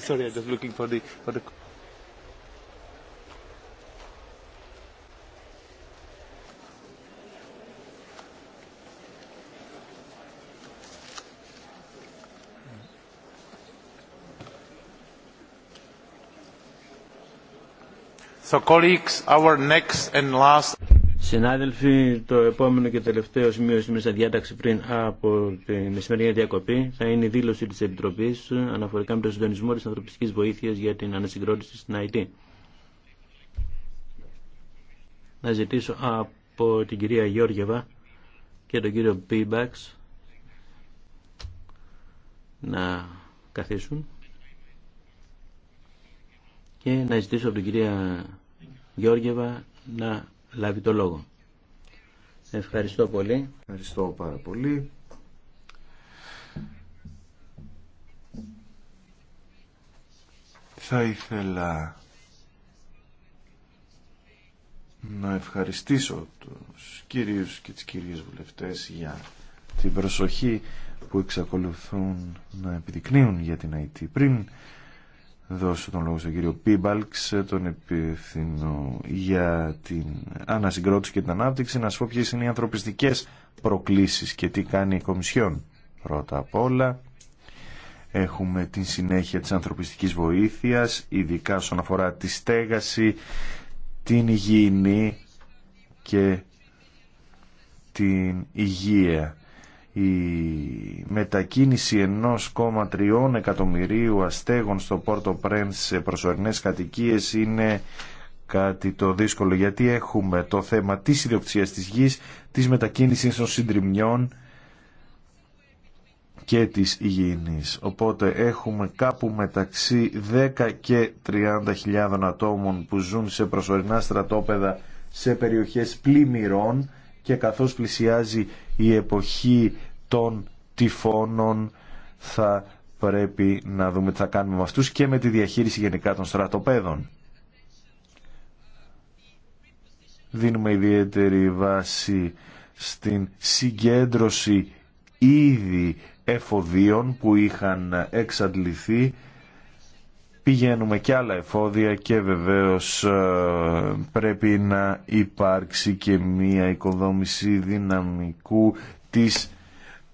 Sorry, I'm just looking for the for the. So, colleagues, our next and last. Συνάδελφοι, το επόμενο και τελευταίο σημείο σήμερα διάταξη πριν από τη μεσημερινή διακοπή θα είναι η δήλωση της Επιτροπής αναφορικά με το συντονισμό της ανθρωπιστικής βοήθειας για την ανασυγκρότηση στην ΑΕΤ. Να ζητήσω από την κυρία Γιώργεβα και τον κύριο Πίμπαξ να καθίσουν και να ζητήσω από την κυρία Γιώργεβα να λάβει το λόγο. Ευχαριστώ πολύ. Ευχαριστώ πάρα πολύ. Θα ήθελα να ευχαριστήσω τους κύριους και τις κυρίες βουλευτές για την προσοχή που εξακολουθούν να επιδεικνύουν για την ΑΕΤ. Πριν δώσω τον λόγο στον κύριο Πίμπαλξ, τον Επιθυνό για την ανασυγκρότηση και την ανάπτυξη, να σου πω ποιες είναι οι ανθρωπιστικές προκλήσεις και τι κάνει η Κομισιόν. Πρώτα απ' όλα έχουμε την συνέχεια της ανθρωπιστικής βοήθειας, ειδικά όσον αφορά τη στέγαση, την υγιεινή και την υγεία η μετακίνηση 1,3 εκατομμυρίου αστέγων στο Πόρτο Πρέν σε προσωρινές κατοικίες είναι κάτι το δύσκολο γιατί έχουμε το θέμα της ιδιοκτησίας της γης, της μετακίνησης των συντριμιών και της υγιεινής. Οπότε έχουμε κάπου μεταξύ 10 και 30.000 ατόμων που ζουν σε προσωρινά στρατόπεδα σε περιοχές πλημμυρών και καθώς πλησιάζει η εποχή των τυφώνων θα πρέπει να δούμε τι θα κάνουμε με αυτούς και με τη διαχείριση γενικά των στρατοπέδων. Δίνουμε ιδιαίτερη βάση στην συγκέντρωση ήδη εφοδίων που είχαν εξαντληθεί πηγαίνουμε και άλλα εφόδια και βεβαίως ε, πρέπει να υπάρξει και μία οικοδόμηση δυναμικού της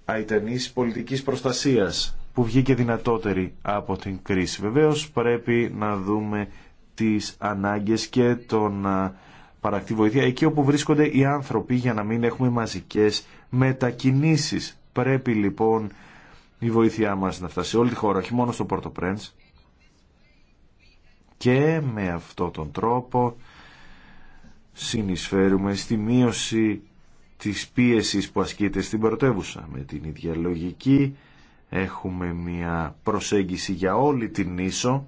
αιτανής πολιτικής προστασίας που βγήκε δυνατότερη από την κρίση. Βεβαίως πρέπει να δούμε τις ανάγκες και τον παρακτή βοήθεια εκεί όπου βρίσκονται οι άνθρωποι για να μην έχουμε μαζικές μετακινήσεις. Πρέπει λοιπόν η βοήθειά μας να φτάσει όλη τη χώρα, όχι μόνο στο Πορτοπρέντς, και με αυτό τον τρόπο συνεισφέρουμε στη μείωση της πίεσης που ασκείται στην πρωτεύουσα. Με την ίδια λογική έχουμε μια προσέγγιση για όλη την ίσο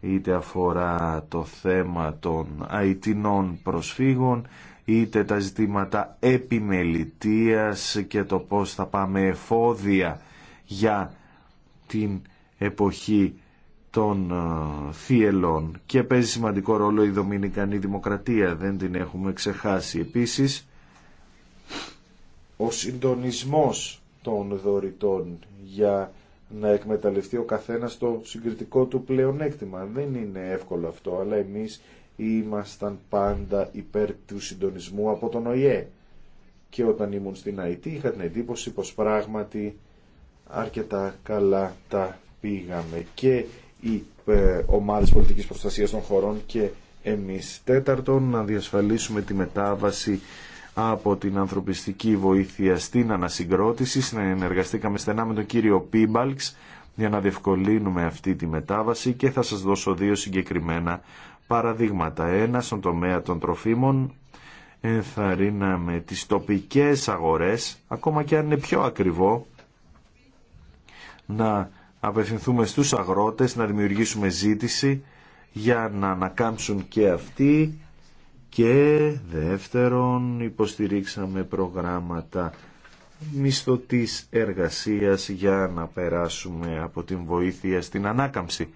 είτε αφορά το θέμα των αιτινών προσφύγων, είτε τα ζητήματα επιμελητίας και το πώς θα πάμε εφόδια για την εποχή των ε, θύελων και παίζει σημαντικό ρόλο η Δομινικανή Δημοκρατία, δεν την έχουμε ξεχάσει. Επίσης, ο συντονισμός των δωρητών για να εκμεταλλευτεί ο καθένας το συγκριτικό του πλεονέκτημα. Δεν είναι εύκολο αυτό, αλλά εμείς ήμασταν πάντα υπέρ του συντονισμού από τον ΟΗΕ. Και όταν ήμουν στην ΑΕΤ είχα την εντύπωση πως πράγματι αρκετά καλά τα πήγαμε και οι ε, ομάδες πολιτικής προστασίας των χωρών και εμείς. Τέταρτον, να διασφαλίσουμε τη μετάβαση από την ανθρωπιστική βοήθεια στην ανασυγκρότηση. Συνεργαστήκαμε στενά με τον κύριο Πίμπαλξ για να διευκολύνουμε αυτή τη μετάβαση και θα σας δώσω δύο συγκεκριμένα παραδείγματα. Ένα στον τομέα των τροφίμων ενθαρρύναμε τις τοπικές αγορές, ακόμα και αν είναι πιο ακριβό, να απευθυνθούμε στους αγρότες, να δημιουργήσουμε ζήτηση για να ανακάμψουν και αυτοί και δεύτερον υποστηρίξαμε προγράμματα μισθωτής εργασίας για να περάσουμε από την βοήθεια στην ανάκαμψη.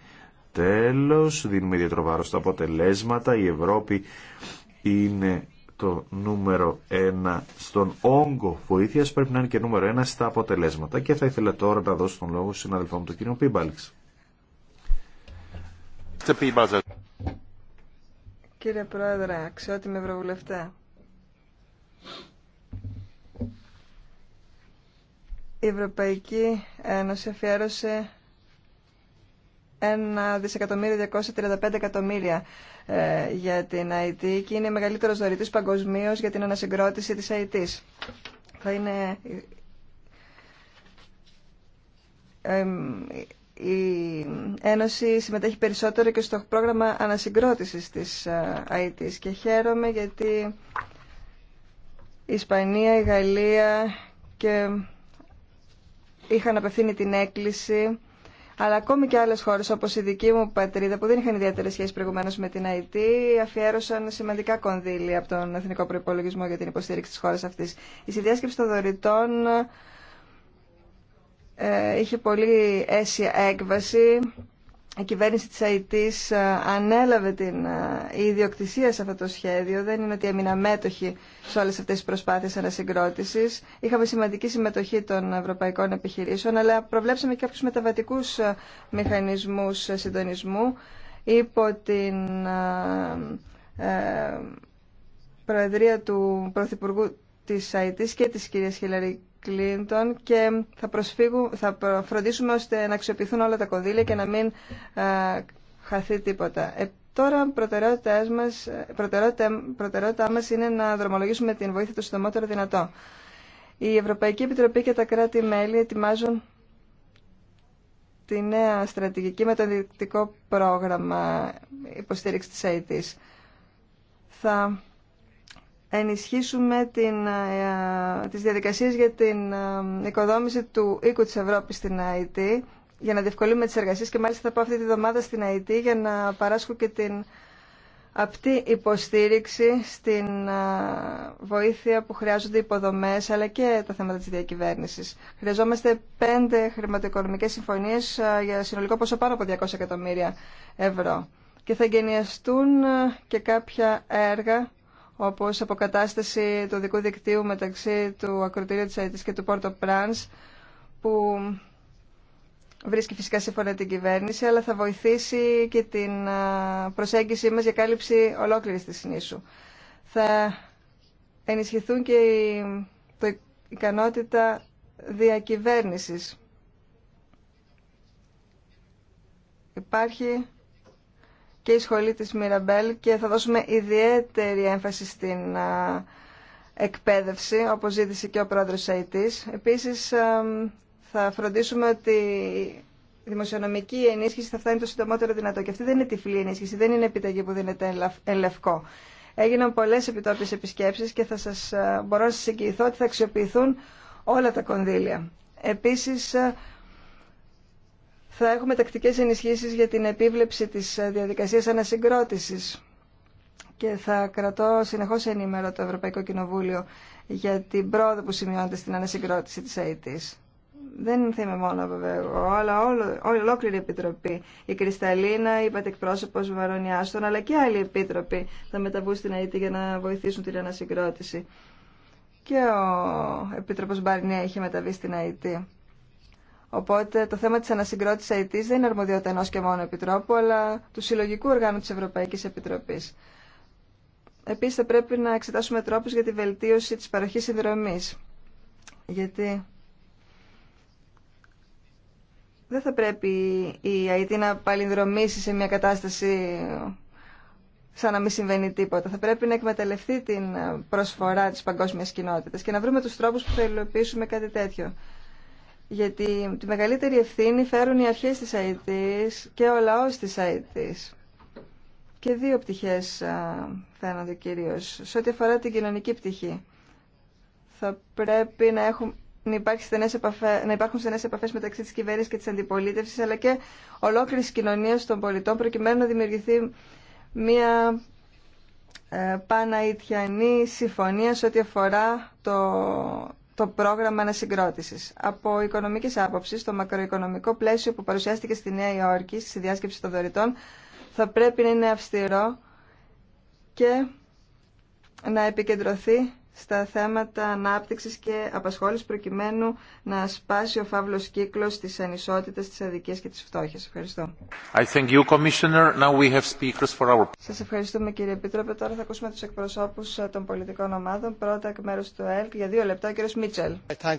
Τέλος, δίνουμε ιδιαίτερο βάρος στα αποτελέσματα. Η Ευρώπη είναι το νούμερο 1 στον όγκο βοήθειας πρέπει να είναι και νούμερο 1 στα αποτελέσματα και θα ήθελα τώρα να δώσω τον λόγο στον αδελφό μου τον κύριο Πίμπαλξ. Κύριε Πρόεδρε, αξιότιμη Ευρωβουλευτέ. Η Ευρωπαϊκή Ένωση αφιέρωσε 1 δισεκατομμύριο 235 εκατομμύρια ε, για την IT και είναι μεγαλύτερος δωρητής παγκοσμίω για την ανασυγκρότηση της IT. Θα είναι η Ένωση συμμετέχει περισσότερο και στο πρόγραμμα ανασυγκρότησης της IT ε, και χαίρομαι γιατί η Ισπανία, η Γαλλία και είχαν απευθύνει την έκκληση αλλά ακόμη και άλλες χώρες όπως η δική μου πατρίδα που δεν είχαν ιδιαίτερες σχέσεις προηγουμένως με την ΑΕΤ αφιέρωσαν σημαντικά κονδύλια από τον Εθνικό Προϋπολογισμό για την υποστήριξη της χώρας αυτής. Η συνδιάσκεψη των δωρητών ε, είχε πολύ αίσια έκβαση η κυβέρνηση της ΑΕΤΙΣ ε, ανέλαβε την ε, ιδιοκτησία σε αυτό το σχέδιο. Δεν είναι ότι έμεινα μέτοχη σε όλες αυτές τις προσπάθειες ανασυγκρότησης. Είχαμε σημαντική συμμετοχή των ευρωπαϊκών επιχειρήσεων, αλλά προβλέψαμε και κάποιους μεταβατικούς ε, μηχανισμούς συντονισμού υπό την Προεδρία του Πρωθυπουργού της ΑΕΤΙΣ και της κυρίας Χιλαρή Κλίντον και θα, θα φροντίσουμε ώστε να αξιοποιηθούν όλα τα κονδύλια και να μην χαθεί τίποτα. Ε, τώρα προτεραιότητά μας, προτεραιότητα, μας είναι να δρομολογήσουμε την βοήθεια το συντομότερο δυνατό. Η Ευρωπαϊκή Επιτροπή και τα κράτη-μέλη ετοιμάζουν τη νέα στρατηγική με πρόγραμμα υποστήριξη της ΑΕΤ. Θα ενισχύσουμε την, ε, τις διαδικασίες για την ε, οικοδόμηση του οίκου της Ευρώπης στην ΑΕΤ για να διευκολύνουμε τις εργασίες και μάλιστα θα πάω αυτή τη βδομάδα στην ΑΕΤ για να παράσχω και την απτή υποστήριξη στην ε, βοήθεια που χρειάζονται οι υποδομές αλλά και τα θέματα της διακυβέρνησης. Χρειαζόμαστε πέντε χρηματοοικονομικές συμφωνίες για συνολικό ποσό πάνω από 200 εκατομμύρια ευρώ και θα εγκαινιαστούν και κάποια έργα όπως αποκατάσταση του δικού δικτύου μεταξύ του ακροτηρίου της ΑΕΤΙΣ και του Πόρτο Πράνς, που βρίσκει φυσικά σύμφωνα την κυβέρνηση, αλλά θα βοηθήσει και την προσέγγιση μας για κάλυψη ολόκληρης της νήσου. Θα ενισχυθούν και η το ικανότητα διακυβέρνησης. Υπάρχει και η σχολή της Μιραμπέλ και θα δώσουμε ιδιαίτερη έμφαση στην εκπαίδευση, όπως ζήτησε και ο πρόεδρος ΑΕΤΗΣ. Επίσης, θα φροντίσουμε ότι η δημοσιονομική ενίσχυση θα φτάνει το συντομότερο δυνατό. Και αυτή δεν είναι τυφλή ενίσχυση, δεν είναι επιταγή που δίνεται εν λευκό. Έγιναν πολλές επιτόπιες επισκέψεις και θα σας, μπορώ να σας εγγυηθώ ότι θα αξιοποιηθούν όλα τα κονδύλια. Επίσης, θα έχουμε τακτικές ενισχύσεις για την επίβλεψη της διαδικασίας ανασυγκρότησης και θα κρατώ συνεχώς ενήμερο το Ευρωπαϊκό Κοινοβούλιο για την πρόοδο που σημειώνεται στην ανασυγκρότηση της ΑΕΤ. Δεν θα είμαι μόνο βέβαια εγώ, αλλά όλο, ολόκληρη η Επιτροπή. Η Κρυσταλίνα, η Πατεκπρόσωπο, Βαρονιάστον, αλλά και άλλοι επίτροποι θα μεταβούν στην ΑΕΤ για να βοηθήσουν την ανασυγκρότηση. Και ο Επίτροπος Μπαρνιέ έχει μεταβεί στην ΑΕΤ. Οπότε το θέμα τη ανασυγκρότησης ΑΕΤ δεν είναι αρμοδιότητα ενό και μόνο επιτρόπου, αλλά του συλλογικού οργάνου τη Ευρωπαϊκή Επιτροπή. Επίση θα πρέπει να εξετάσουμε τρόπου για τη βελτίωση τη παροχή συνδρομή. Γιατί δεν θα πρέπει η ΑΕΤ να παλινδρομήσει σε μια κατάσταση σαν να μην συμβαίνει τίποτα. Θα πρέπει να εκμεταλλευτεί την προσφορά της παγκόσμιας κοινότητας και να βρούμε τους τρόπους που θα υλοποιήσουμε κάτι τέτοιο γιατί τη μεγαλύτερη ευθύνη φέρουν οι αρχές της ΑΕΤ και ο λαός της ΑΕΤ. Και δύο πτυχές φαίνονται κυρίως. Σε ό,τι αφορά την κοινωνική πτυχή, θα πρέπει να, έχουν, να, να υπάρχουν στενές επαφές μεταξύ της κυβέρνησης και της αντιπολίτευσης, αλλά και ολόκληρης κοινωνίας των πολιτών, προκειμένου να δημιουργηθεί μια ε, παναϊτιανή συμφωνία σε ό,τι αφορά το το πρόγραμμα ανασυγκρότηση. Από οικονομική άποψη, το μακροοικονομικό πλαίσιο που παρουσιάστηκε στη Νέα Υόρκη, στη διάσκεψη των δωρητών, θα πρέπει να είναι αυστηρό και να επικεντρωθεί στα θέματα ανάπτυξης και απασχόλησης προκειμένου να σπάσει ο φαύλος κύκλος της ανισότητας, της αδικίας και της φτώχειας. Ευχαριστώ. I Σας ευχαριστούμε κύριε Επίτροπε. Τώρα θα ακούσουμε τους εκπροσώπους ε, των πολιτικών ομάδων. Πρώτα εκ μέρους του ΕΛΚ για δύο λεπτά ο κύριος Μίτσελ. Um,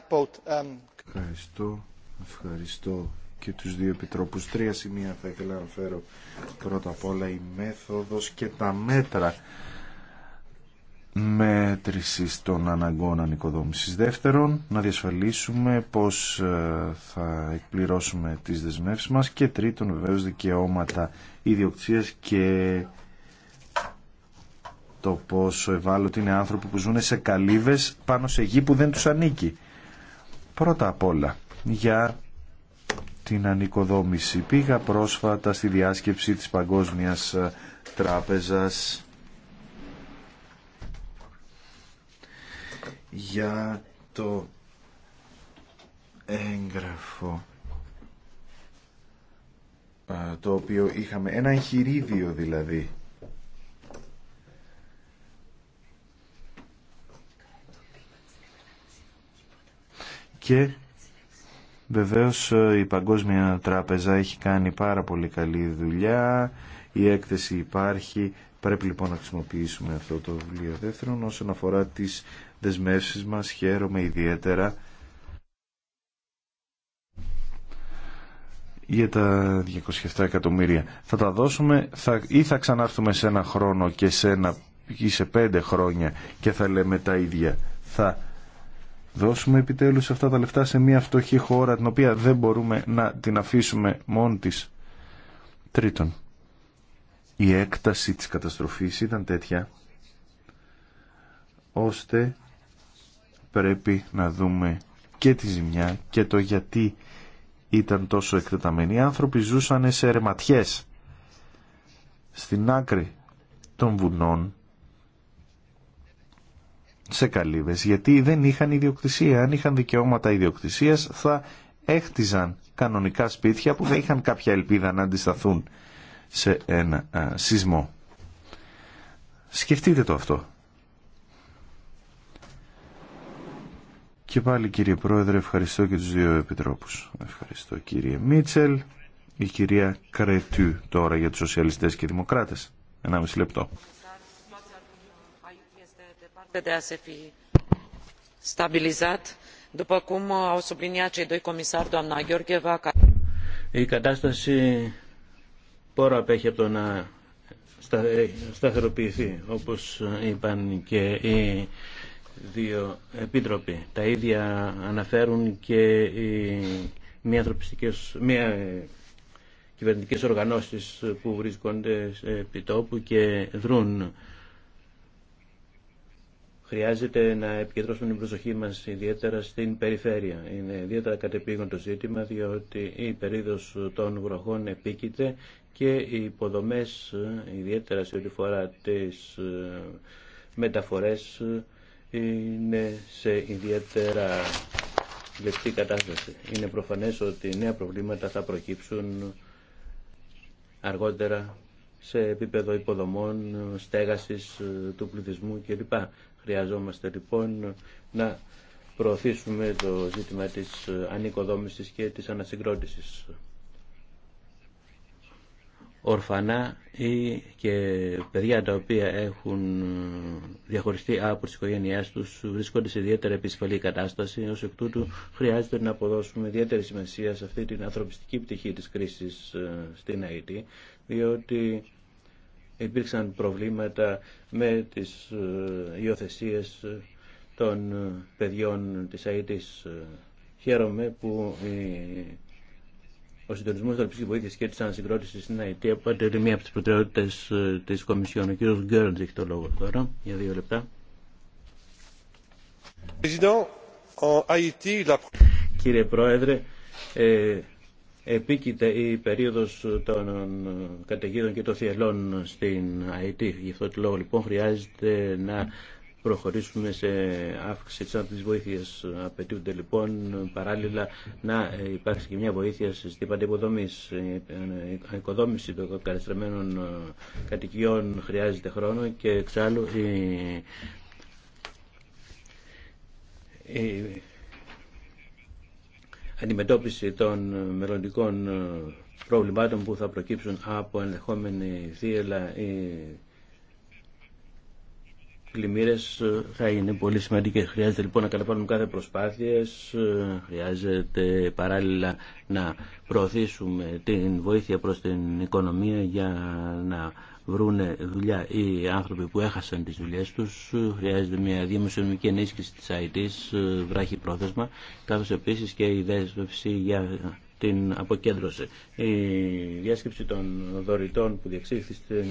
Ευχαριστώ. Ευχαριστώ και τους δύο επιτρόπους. Τρία σημεία θα ήθελα να φέρω πρώτα απ' όλα η μέθοδος και τα μέτρα μέτρησης των αναγκών ανοικοδόμησης. Δεύτερον, να διασφαλίσουμε πως ε, θα εκπληρώσουμε τις δεσμεύσεις μας και τρίτον βεβαίως δικαιώματα ιδιοκτησίας και το πόσο ευάλωτοι είναι άνθρωποι που ζουν σε καλύβες πάνω σε γη που δεν τους ανήκει. Πρώτα απ' όλα, για την ανοικοδόμηση. Πήγα πρόσφατα στη διάσκεψη της Παγκόσμιας ε, Τράπεζας για το έγγραφο το οποίο είχαμε ένα εγχειρίδιο δηλαδή και βεβαίως ε, η Παγκόσμια Τράπεζα έχει κάνει πάρα πολύ καλή δουλειά η έκθεση υπάρχει Πρέπει λοιπόν να χρησιμοποιήσουμε αυτό το βιβλίο. Δεύτερον, όσον αφορά τις δεσμεύσεις μας, χαίρομαι ιδιαίτερα για τα 207 εκατομμύρια. Θα τα δώσουμε θα, ή θα ξανάρθουμε σε ένα χρόνο και σε, ένα, ή σε πέντε χρόνια και θα λέμε τα ίδια. Θα δώσουμε επιτέλους αυτά τα λεφτά σε μια φτωχή χώρα την οποία δεν μπορούμε να την αφήσουμε μόνη της. Τρίτον, η έκταση της καταστροφής ήταν τέτοια ώστε πρέπει να δούμε και τη ζημιά και το γιατί ήταν τόσο εκτεταμένοι. Οι άνθρωποι ζούσαν σε ρεματιές, στην άκρη των βουνών σε καλύβες γιατί δεν είχαν ιδιοκτησία. Αν είχαν δικαιώματα ιδιοκτησίας θα έχτιζαν κανονικά σπίτια που θα είχαν κάποια ελπίδα να αντισταθούν σε ένα σεισμό. Σκεφτείτε το αυτό. Και πάλι κύριε Πρόεδρε ευχαριστώ και τους δύο επιτρόπους. Ευχαριστώ κύριε Μίτσελ, η κυρία Κρετού τώρα για τους σοσιαλιστές και δημοκράτες. μισή λεπτό. Η κατάσταση πόρο απέχει από το να σταθεροποιηθεί, όπως είπαν και οι δύο επίτροποι. Τα ίδια αναφέρουν και οι μη ανθρωπιστικές, ε, κυβερνητικές οργανώσεις που βρίσκονται επί τόπου και δρούν. Χρειάζεται να επικεντρώσουμε την προσοχή μας ιδιαίτερα στην περιφέρεια. Είναι ιδιαίτερα κατεπήγον το ζήτημα διότι η περίοδος των βροχών επίκειται και οι υποδομές, ιδιαίτερα σε ό,τι φορά τις ε, μεταφορές, είναι σε ιδιαίτερα λεπτή κατάσταση. Είναι προφανές ότι νέα προβλήματα θα προκύψουν αργότερα σε επίπεδο υποδομών, στέγασης ε, του πληθυσμού κλπ. Χρειαζόμαστε λοιπόν να προωθήσουμε το ζήτημα της ε, ανοικοδόμησης και της ανασυγκρότησης ορφανά ή και παιδιά τα οποία έχουν διαχωριστεί από τις οικογένειές τους βρίσκονται σε ιδιαίτερα επισφαλή κατάσταση ως εκ τούτου χρειάζεται να αποδώσουμε ιδιαίτερη σημασία σε αυτή την ανθρωπιστική πτυχή της κρίσης ε, στην ΑΕΤ διότι υπήρξαν προβλήματα με τις ε, υιοθεσίε των ε, παιδιών της ΑΕΤ. Χαίρομαι που η ο συντονισμό τη Ευρωπαϊκή Βοήθεια και τη Ανασυγκρότηση στην ΑΕΤ αποτελεί μία από τι προτεραιότητε ε, τη Κομισιόν. Ο κ. Γκέρντ έχει το λόγο τώρα για δύο λεπτά. Κύριε Πρόεδρε, ε, επίκειται η περίοδο των ε, καταιγίδων και των θυελών στην ΑΕΤ. Γι' αυτό το λόγο λοιπόν χρειάζεται να προχωρήσουμε σε αύξηση της τις βοήθειας. Απαιτούνται λοιπόν παράλληλα να υπάρξει και μια βοήθεια στην παντεποδομή. Η οικοδόμηση των καταστρεμμένων κατοικιών χρειάζεται χρόνο και εξάλλου η, αντιμετώπιση των μελλοντικών προβλημάτων που θα προκύψουν από ενδεχόμενη θύελα ή πλημμύρε ε, θα είναι πολύ σημαντικέ. Χρειάζεται λοιπόν να καταβάλουμε κάθε προσπάθειες, ε, χρειάζεται παράλληλα να προωθήσουμε την βοήθεια προς την οικονομία για να βρούνε δουλειά οι άνθρωποι που έχασαν τις δουλειές τους. Χρειάζεται μια δημοσιονομική ενίσχυση της ΑΕΤ, βράχη πρόθεσμα, καθώς επίσης και η δέσμευση για την αποκέντρωση. Η διάσκεψη των δωρητών που διεξήχθη στην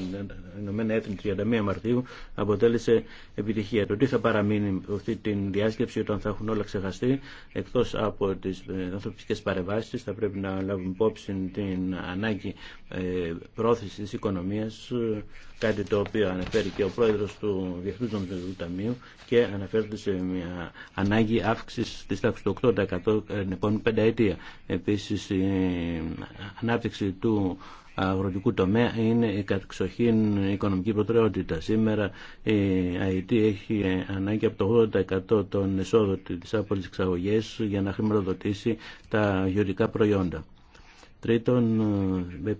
Ηνωμένα Έθνη 31 Μαρτίου αποτέλεσε επιτυχία. Το τι θα παραμείνει αυτή την διάσκεψη όταν θα έχουν όλα ξεχαστεί, εκτός από τις ε, ανθρωπιστικές παρεμβάσεις, θα πρέπει να λάβουν υπόψη την ανάγκη ε, πρόθεση της οικονομίας, ε, κάτι το οποίο αναφέρει και ο πρόεδρος του Διεθνούς Νομισματικού Ταμείου και αναφέρεται σε μια ανάγκη αύξησης της τάξης του 8% την επόμενη πενταετία. Επίσης η ανάπτυξη του αγροτικού τομέα είναι η κατεξοχήν οικονομική προτεραιότητα. Σήμερα η ΑΕΤ έχει ανάγκη από το 80% των εσόδων της από τις για να χρηματοδοτήσει τα γεωργικά προϊόντα. Τρίτον,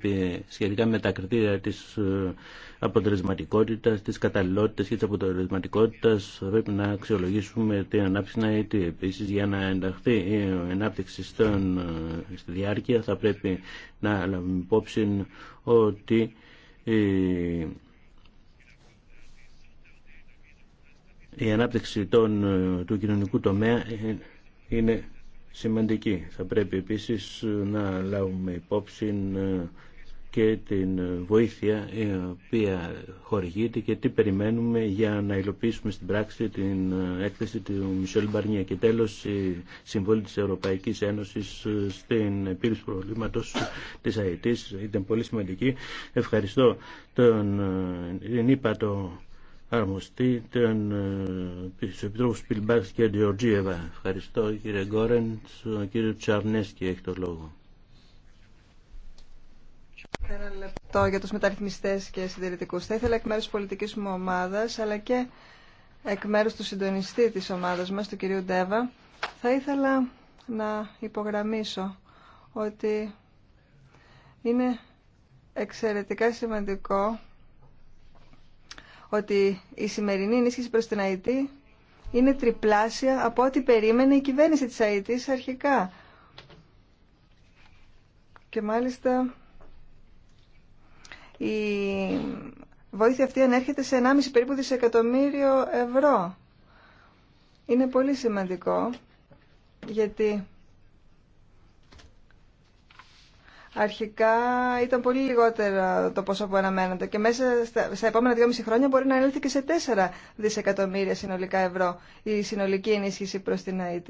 ε, σχετικά με τα κριτήρια της ε, αποτελεσματικότητας, της καταλληλότητας και της αποτελεσματικότητας πρέπει να αξιολογήσουμε την ανάπτυξη να είτε. Επίσης, για να ενταχθεί η ανάπτυξη στον, ε, στη διάρκεια θα πρέπει να λάβουμε υπόψη ότι η ανάπτυξη των, του κοινωνικού τομέα είναι σημαντική. Θα πρέπει επίσης ε, να λάβουμε υπόψη ε, και την ε, βοήθεια η οποία χορηγείται και τι περιμένουμε για να υλοποιήσουμε στην πράξη την έκθεση του Μισελ Μπαρνία. Και τέλος η συμβόλη της Ευρωπαϊκής Ένωσης στην επίλυση προβλήματος της ΑΕΤ ήταν πολύ σημαντική. Ευχαριστώ τον Ινίπατο αρμοστή των Επιτρόπων Επιτρόπους και Αντιορτζίεβα. Ευχαριστώ κύριε Γκόρεν, ο κύριο Τσαρνέσκι έχει το λόγο. Ένα λεπτό για τους μεταρρυθμιστές και συντηρητικούς. Θα ήθελα εκ μέρους πολιτικής μου ομάδας, αλλά και εκ μέρους του συντονιστή της ομάδας μας, του κυρίου Ντέβα, θα ήθελα να υπογραμμίσω ότι είναι εξαιρετικά σημαντικό ότι η σημερινή ενίσχυση προς την ΑΕΤ είναι τριπλάσια από ό,τι περίμενε η κυβέρνηση της ΑΕΤ αρχικά. Και μάλιστα η βοήθεια αυτή ανέρχεται σε 1,5 περίπου δισεκατομμύριο ευρώ. Είναι πολύ σημαντικό γιατί Αρχικά ήταν πολύ λιγότερο το ποσό που αναμένατε και μέσα στα, επόμενα 2,5 χρόνια μπορεί να έλθει και σε 4 δισεκατομμύρια συνολικά ευρώ η συνολική ενίσχυση προς την ΑΕΤ.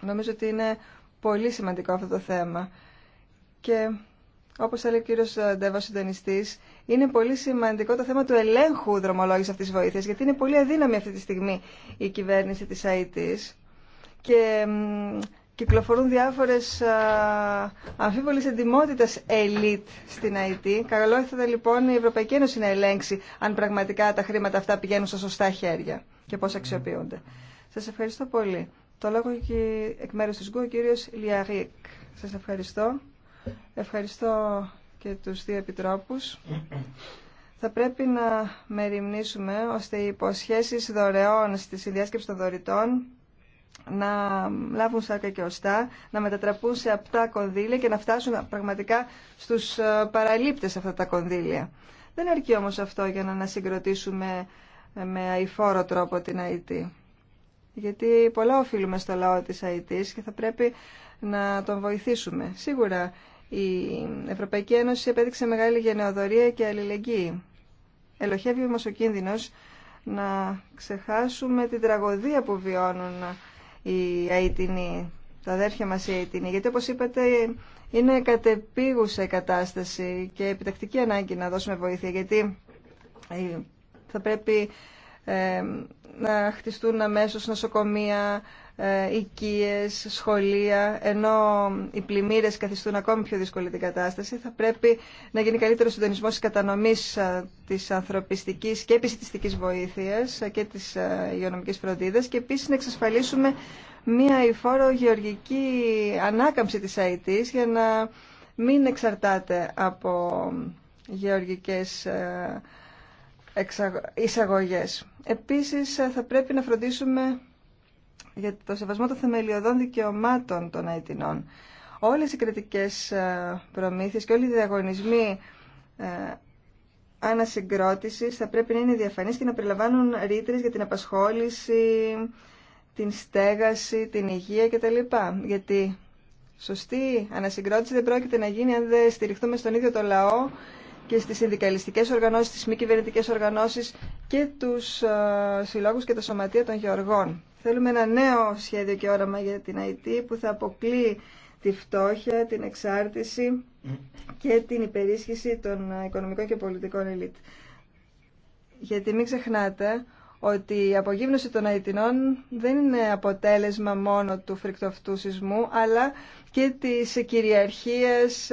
Νομίζω ότι είναι πολύ σημαντικό αυτό το θέμα. Και όπως έλεγε ο κύριος ε, Ντέβα συντονιστής, είναι πολύ σημαντικό το θέμα του ελέγχου δρομολόγηση αυτής της βοήθειας, γιατί είναι πολύ αδύναμη αυτή τη στιγμή η κυβέρνηση της ΑΕΤ. Και κυκλοφορούν διάφορες αμφίβολε αμφίβολες εντυμότητες ελίτ στην ΑΕΤ. Καλό θα λοιπόν η Ευρωπαϊκή Ένωση να ελέγξει αν πραγματικά τα χρήματα αυτά πηγαίνουν στα σωστά χέρια και πώς ναι. αξιοποιούνται. Σας ευχαριστώ πολύ. Το λόγο έχει εκ μέρους της ΓΚΟ ο κύριος Λιαρίκ. Σας ευχαριστώ. Ευχαριστώ και τους δύο επιτρόπους. Θα πρέπει να μεριμνήσουμε ώστε οι υποσχέσεις δωρεών στη συνδιάσκεψη των δωρητών να λάβουν σάρκα και οστά, να μετατραπούν σε απτά κονδύλια και να φτάσουν πραγματικά στους ε, παραλήπτες αυτά τα κονδύλια. Δεν αρκεί όμως αυτό για να ανασυγκροτήσουμε ε, με αηφόρο τρόπο την ΑΕΤ. Γιατί πολλά οφείλουμε στο λαό της ΑΕΤ και θα πρέπει να τον βοηθήσουμε. Σίγουρα η Ευρωπαϊκή Ένωση επέδειξε μεγάλη γενεοδορία και αλληλεγγύη. Ελοχεύει όμως ο κίνδυνος να ξεχάσουμε την τραγωδία που βιώνουν ή αιτινοί, τα αδέρφια μας οι αιτινοί. Γιατί όπως είπατε είναι κατεπίγουσα η κατάσταση και επιτακτική ανάγκη να δώσουμε βοήθεια. Γιατί ε, θα πρέπει ε, να χτιστούν αμέσως νοσοκομεία, ε, οικίες, σχολεία, ενώ οι πλημμύρες καθιστούν ακόμη πιο δύσκολη την κατάσταση, θα πρέπει να γίνει καλύτερο συντονισμό της κατανομής ε, της ανθρωπιστικής και επιστηστικής βοήθειας ε, και της υγειονομικής φροντίδας και επίσης να εξασφαλίσουμε μια υφόρο γεωργική ανάκαμψη της ΑΕΤ για να μην εξαρτάται από γεωργικές εισαγωγές. Επίσης θα πρέπει να φροντίσουμε για το σεβασμό των θεμελιωδών δικαιωμάτων των Αιτινών. Όλες οι κρατικές ε, προμήθειες και όλοι οι διαγωνισμοί ε, ανασυγκρότησης θα πρέπει να είναι διαφανείς και να περιλαμβάνουν ρήτρες για την απασχόληση, την στέγαση, την υγεία κτλ. Γιατί σωστή ανασυγκρότηση δεν πρόκειται να γίνει αν δεν στηριχθούμε στον ίδιο το λαό και στις συνδικαλιστικές οργανώσεις, στις μη κυβερνητικές οργανώσεις και τους ε, συλλόγους και τα σωματεία των γεωργών. Θέλουμε ένα νέο σχέδιο και όραμα για την IT που θα αποκλείει τη φτώχεια, την εξάρτηση και την υπερίσχυση των οικονομικών και πολιτικών ελίτ. Γιατί μην ξεχνάτε ότι η απογύμνωση των Αιτινών δεν είναι αποτέλεσμα μόνο του φρικτοφτούσισμού σεισμού, αλλά και της κυριαρχίας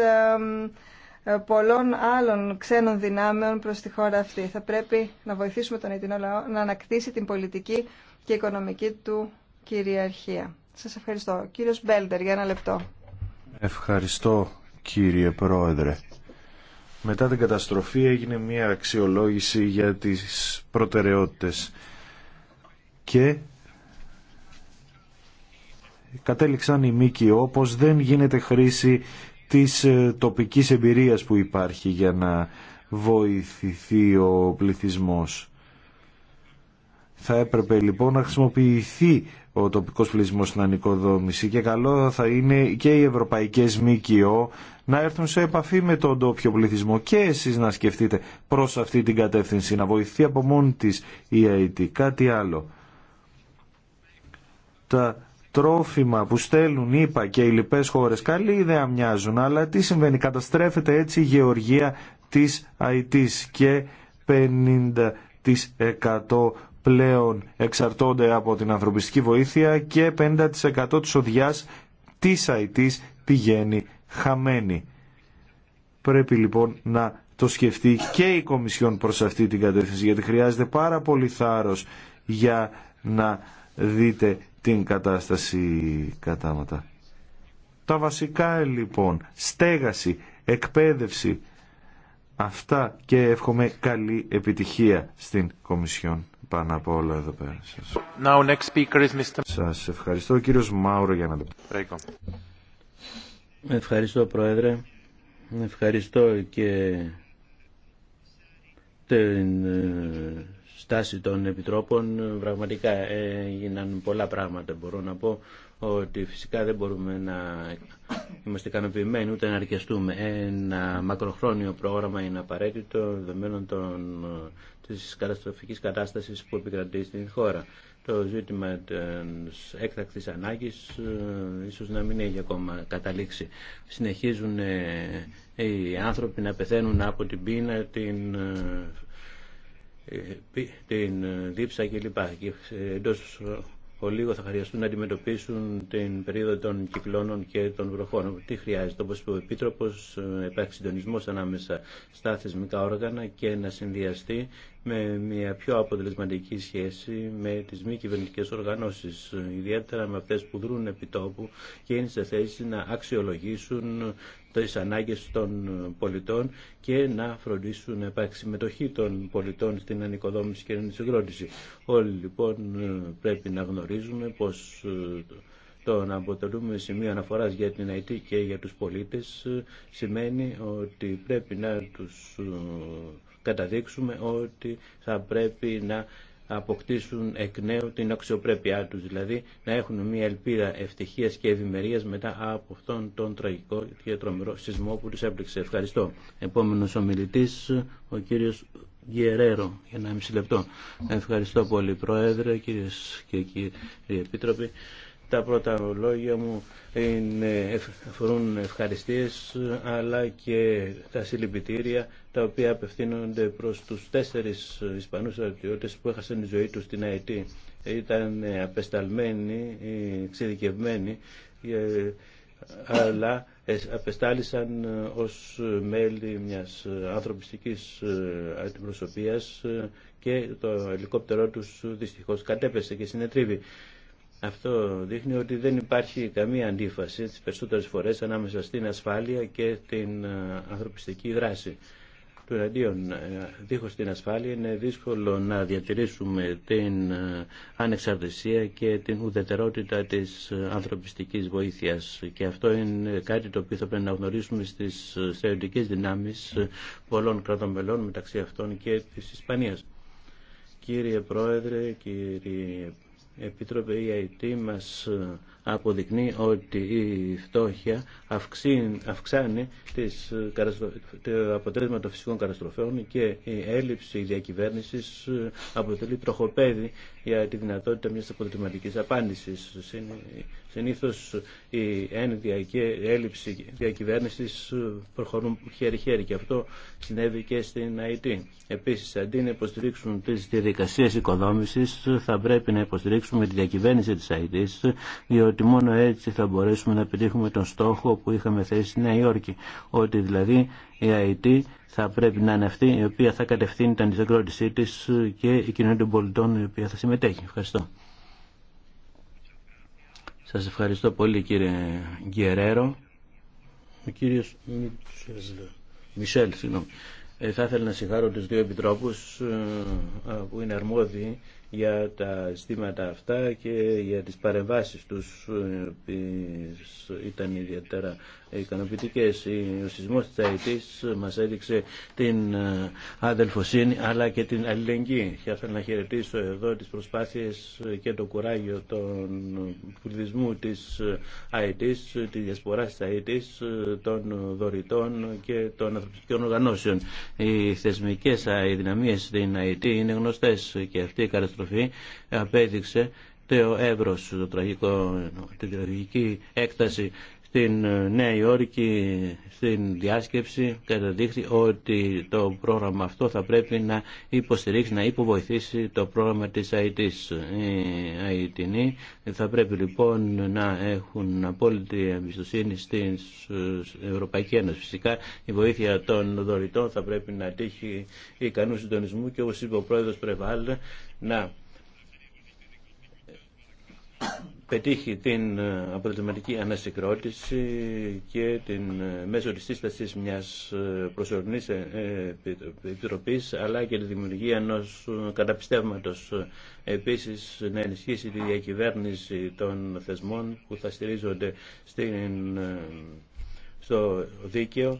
πολλών άλλων ξένων δυνάμεων προς τη χώρα αυτή. Θα πρέπει να βοηθήσουμε τον Αιτινό λαό να ανακτήσει την πολιτική και οικονομική του κυριαρχία. Σας ευχαριστώ. Κύριος Μπέλτερ, για ένα λεπτό. Ευχαριστώ κύριε Πρόεδρε. Μετά την καταστροφή έγινε μια αξιολόγηση για τις προτεραιότητες και κατέληξαν οι ΜΚΟ όπως δεν γίνεται χρήση της ε, τοπικής εμπειρίας που υπάρχει για να βοηθηθεί ο πληθυσμός. Θα έπρεπε λοιπόν να χρησιμοποιηθεί ο τοπικός πληθυσμός στην ανοικοδόμηση και καλό θα είναι και οι ευρωπαϊκές ΜΚΟ να έρθουν σε επαφή με τον τόπιο πληθυσμό και εσείς να σκεφτείτε προς αυτή την κατεύθυνση, να βοηθεί από μόνη της η ΑΕΤ. Κάτι άλλο. Τα τρόφιμα που στέλνουν είπα, και οι λοιπές χώρες καλή ιδέα μοιάζουν, αλλά τι συμβαίνει, καταστρέφεται έτσι η γεωργία της ΑΕΤ και 50% πλέον εξαρτώνται από την ανθρωπιστική βοήθεια και 50% της οδειάς της IT πηγαίνει χαμένη. Πρέπει λοιπόν να το σκεφτεί και η Κομισιόν προς αυτή την κατεύθυνση γιατί χρειάζεται πάρα πολύ θάρρος για να δείτε την κατάσταση κατάματα. Τα βασικά λοιπόν, στέγαση, εκπαίδευση, αυτά και εύχομαι καλή επιτυχία στην Κομισιόν πάνω από όλα εδώ πέρα σας. Now, next speaker is Mr. Σας ευχαριστώ. κύριος Μάουρο για να το Ευχαριστώ Πρόεδρε. Ευχαριστώ και την ε, στάση των Επιτρόπων. Πραγματικά ε, έγιναν πολλά πράγματα μπορώ να πω ότι φυσικά δεν μπορούμε να είμαστε ικανοποιημένοι ούτε να αρκεστούμε. Ένα μακροχρόνιο πρόγραμμα είναι απαραίτητο δεδομένων των, της κατάσταση κατάστασης που επικρατεί στην χώρα. Το ζήτημα της έκτακτης ανάγκης ε, ίσως να μην έχει ακόμα καταλήξει. Συνεχίζουν ε, οι άνθρωποι να πεθαίνουν από την πείνα, την ε, την δίψα κλπ λίγο θα χρειαστούν να αντιμετωπίσουν την περίοδο των κυκλώνων και των βροχών. Τι χρειάζεται, όπως είπε ο Επίτροπος, υπάρχει συντονισμό ανάμεσα στα θεσμικά όργανα και να συνδυαστεί με μια πιο αποτελεσματική σχέση με τις μη κυβερνητικές οργανώσεις, ιδιαίτερα με αυτές που δρούν επί τόπου και είναι σε θέση να αξιολογήσουν τις ανάγκες των πολιτών και να φροντίσουν να υπάρξει συμμετοχή των πολιτών στην ανοικοδόμηση και την συγκρότηση. Όλοι λοιπόν πρέπει να γνωρίζουμε πως ε, το να αποτελούμε σημείο αναφοράς για την ΑΕΤ και για τους πολίτες ε, σημαίνει ότι πρέπει να τους ε, καταδείξουμε ότι θα πρέπει να αποκτήσουν εκ νέου την αξιοπρέπειά τους, δηλαδή να έχουν μια ελπίδα ευτυχίας και ευημερία μετά από αυτόν τον τραγικό και τρομερό σεισμό που τους έπληξε. Ευχαριστώ. Επόμενος ομιλητής, ο κύριος Γιερέρο, για ένα μισή λεπτό. Ευχαριστώ πολύ Πρόεδρε, κύριε και κύριοι Επίτροποι. Τα πρώτα λόγια μου είναι, αφορούν ευχαριστίες αλλά και τα συλληπιτήρια τα οποία απευθύνονται προς τους τέσσερις Ισπανούς στρατιώτες που έχασαν τη ζωή τους στην ΑΕΤ. Ήταν απεσταλμένοι, ε, εξειδικευμένοι ε, αλλά ε, απεστάλησαν ως μέλη μιας ανθρωπιστικής αντιπροσωπείας και το ελικόπτερό τους δυστυχώς κατέπεσε και συνετρίβει. Αυτό δείχνει ότι δεν υπάρχει καμία αντίφαση τις περισσότερες φορές ανάμεσα στην ασφάλεια και την ε, ανθρωπιστική δράση. Του εναντίον, ε, δίχως την ασφάλεια είναι δύσκολο να διατηρήσουμε την ε, ανεξαρτησία και την ουδετερότητα της ανθρωπιστικής βοήθειας. Και αυτό είναι κάτι το οποίο θα πρέπει να γνωρίσουμε στις στρατιωτικές δυνάμεις πολλών κρατών μεταξύ αυτών και της Ισπανίας. Κύριε Πρόεδρε, κύριε Επίτροπε, η ΑΕΤ μας ε, αποδεικνύει ότι η φτώχεια αυξάνει ε, το αποτέλεσμα των φυσικών καταστροφών και η έλλειψη διακυβέρνησης ε, αποτελεί τροχοπέδι για τη δυνατότητα μιας αποτελεσματικής απάντησης. Συνήθως η ένδια και η έλλειψη διακυβέρνησης προχωρούν χέρι-χέρι και αυτό συνέβη και στην ΑΕΤ. Επίσης, αντί να υποστηρίξουν τις διαδικασίες οικοδόμησης, θα πρέπει να υποστηρίξουμε τη διακυβέρνηση της ΑΕΤ, διότι μόνο έτσι θα μπορέσουμε να πετύχουμε τον στόχο που είχαμε θέσει στη Νέα Υόρκη, ότι δηλαδή η ΑΕΤ θα πρέπει να είναι αυτή η οποία θα κατευθύνει την αντιδεκρότησή τη και η κοινωνία των πολιτών η οποία θα συμμετέχει. Ευχαριστώ. Σα ευχαριστώ πολύ κύριε Γκερέρο. Ο κύριος Μισελ, συγγνώμη. Ε, θα ήθελα να συγχάρω τους δύο επιτρόπους ε, που είναι αρμόδιοι για τα ζητήματα αυτά και για τις παρεμβάσεις τους που ε, ήταν ιδιαίτερα ικανοποιητικέ. Ο σεισμό της Αϊτή μας έδειξε την ε, αδελφοσύνη αλλά και την αλληλεγγύη. Θα ήθελα να χαιρετήσω εδώ τις προσπάθειες και το κουράγιο των πληθυσμού της ε, Αιτή, τη διασπορά της Αϊτή, ε, των δωρητών και των ανθρωπιστικών οργανώσεων. Οι θεσμικές δυναμίες στην Αϊτή είναι γνωστές και αυτή η καταστροφή απέδειξε το εύρος, το τραγικό, την τραγική έκταση στην ε, Νέα Υόρκη στην διάσκεψη καταδείχθη ότι το πρόγραμμα αυτό θα πρέπει να υποστηρίξει, να υποβοηθήσει το πρόγραμμα της ΑΕΤΙΣ. Η θα πρέπει λοιπόν να έχουν απόλυτη εμπιστοσύνη στην ε, Ευρωπαϊκή Ένωση. Φυσικά η βοήθεια των δωρητών θα πρέπει να τύχει ικανού συντονισμού και όπως είπε ο πρόεδρος να πετύχει την ε, αποτελεσματική ανασυγκρότηση και την ε, μέσω της σύστασης μιας ε, προσωρινής επιτροπής αλλά και τη δημιουργία ενός καταπιστεύματος επίσης να ενισχύσει τη διακυβέρνηση των θεσμών που θα στηρίζονται στην, στο δίκαιο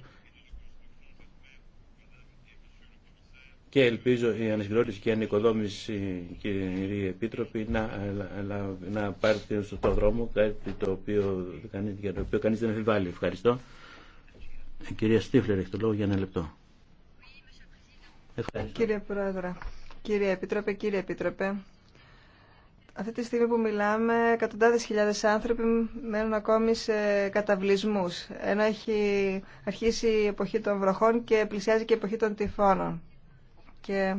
και ελπίζω η ανασυγκρότηση και η ανοικοδόμηση, κύριε Επίτροπη, να, να, να πάρει στον δρόμο, κάτι το οποίο, για το οποίο κανείς δεν αμφιβάλλει. Ευχαριστώ. Ε, κυρία Στίφλερ έχει το λόγο για ένα λεπτό. Ευχαριστώ. Κύριε Πρόεδρε, κύριε Επίτροπε, κύριε Επίτροπε, αυτή τη στιγμή που μιλάμε, εκατοντάδε χιλιάδες άνθρωποι μένουν ακόμη σε καταβλισμούς, ενώ έχει αρχίσει η εποχή των βροχών και πλησιάζει και η εποχή των τυφώνων και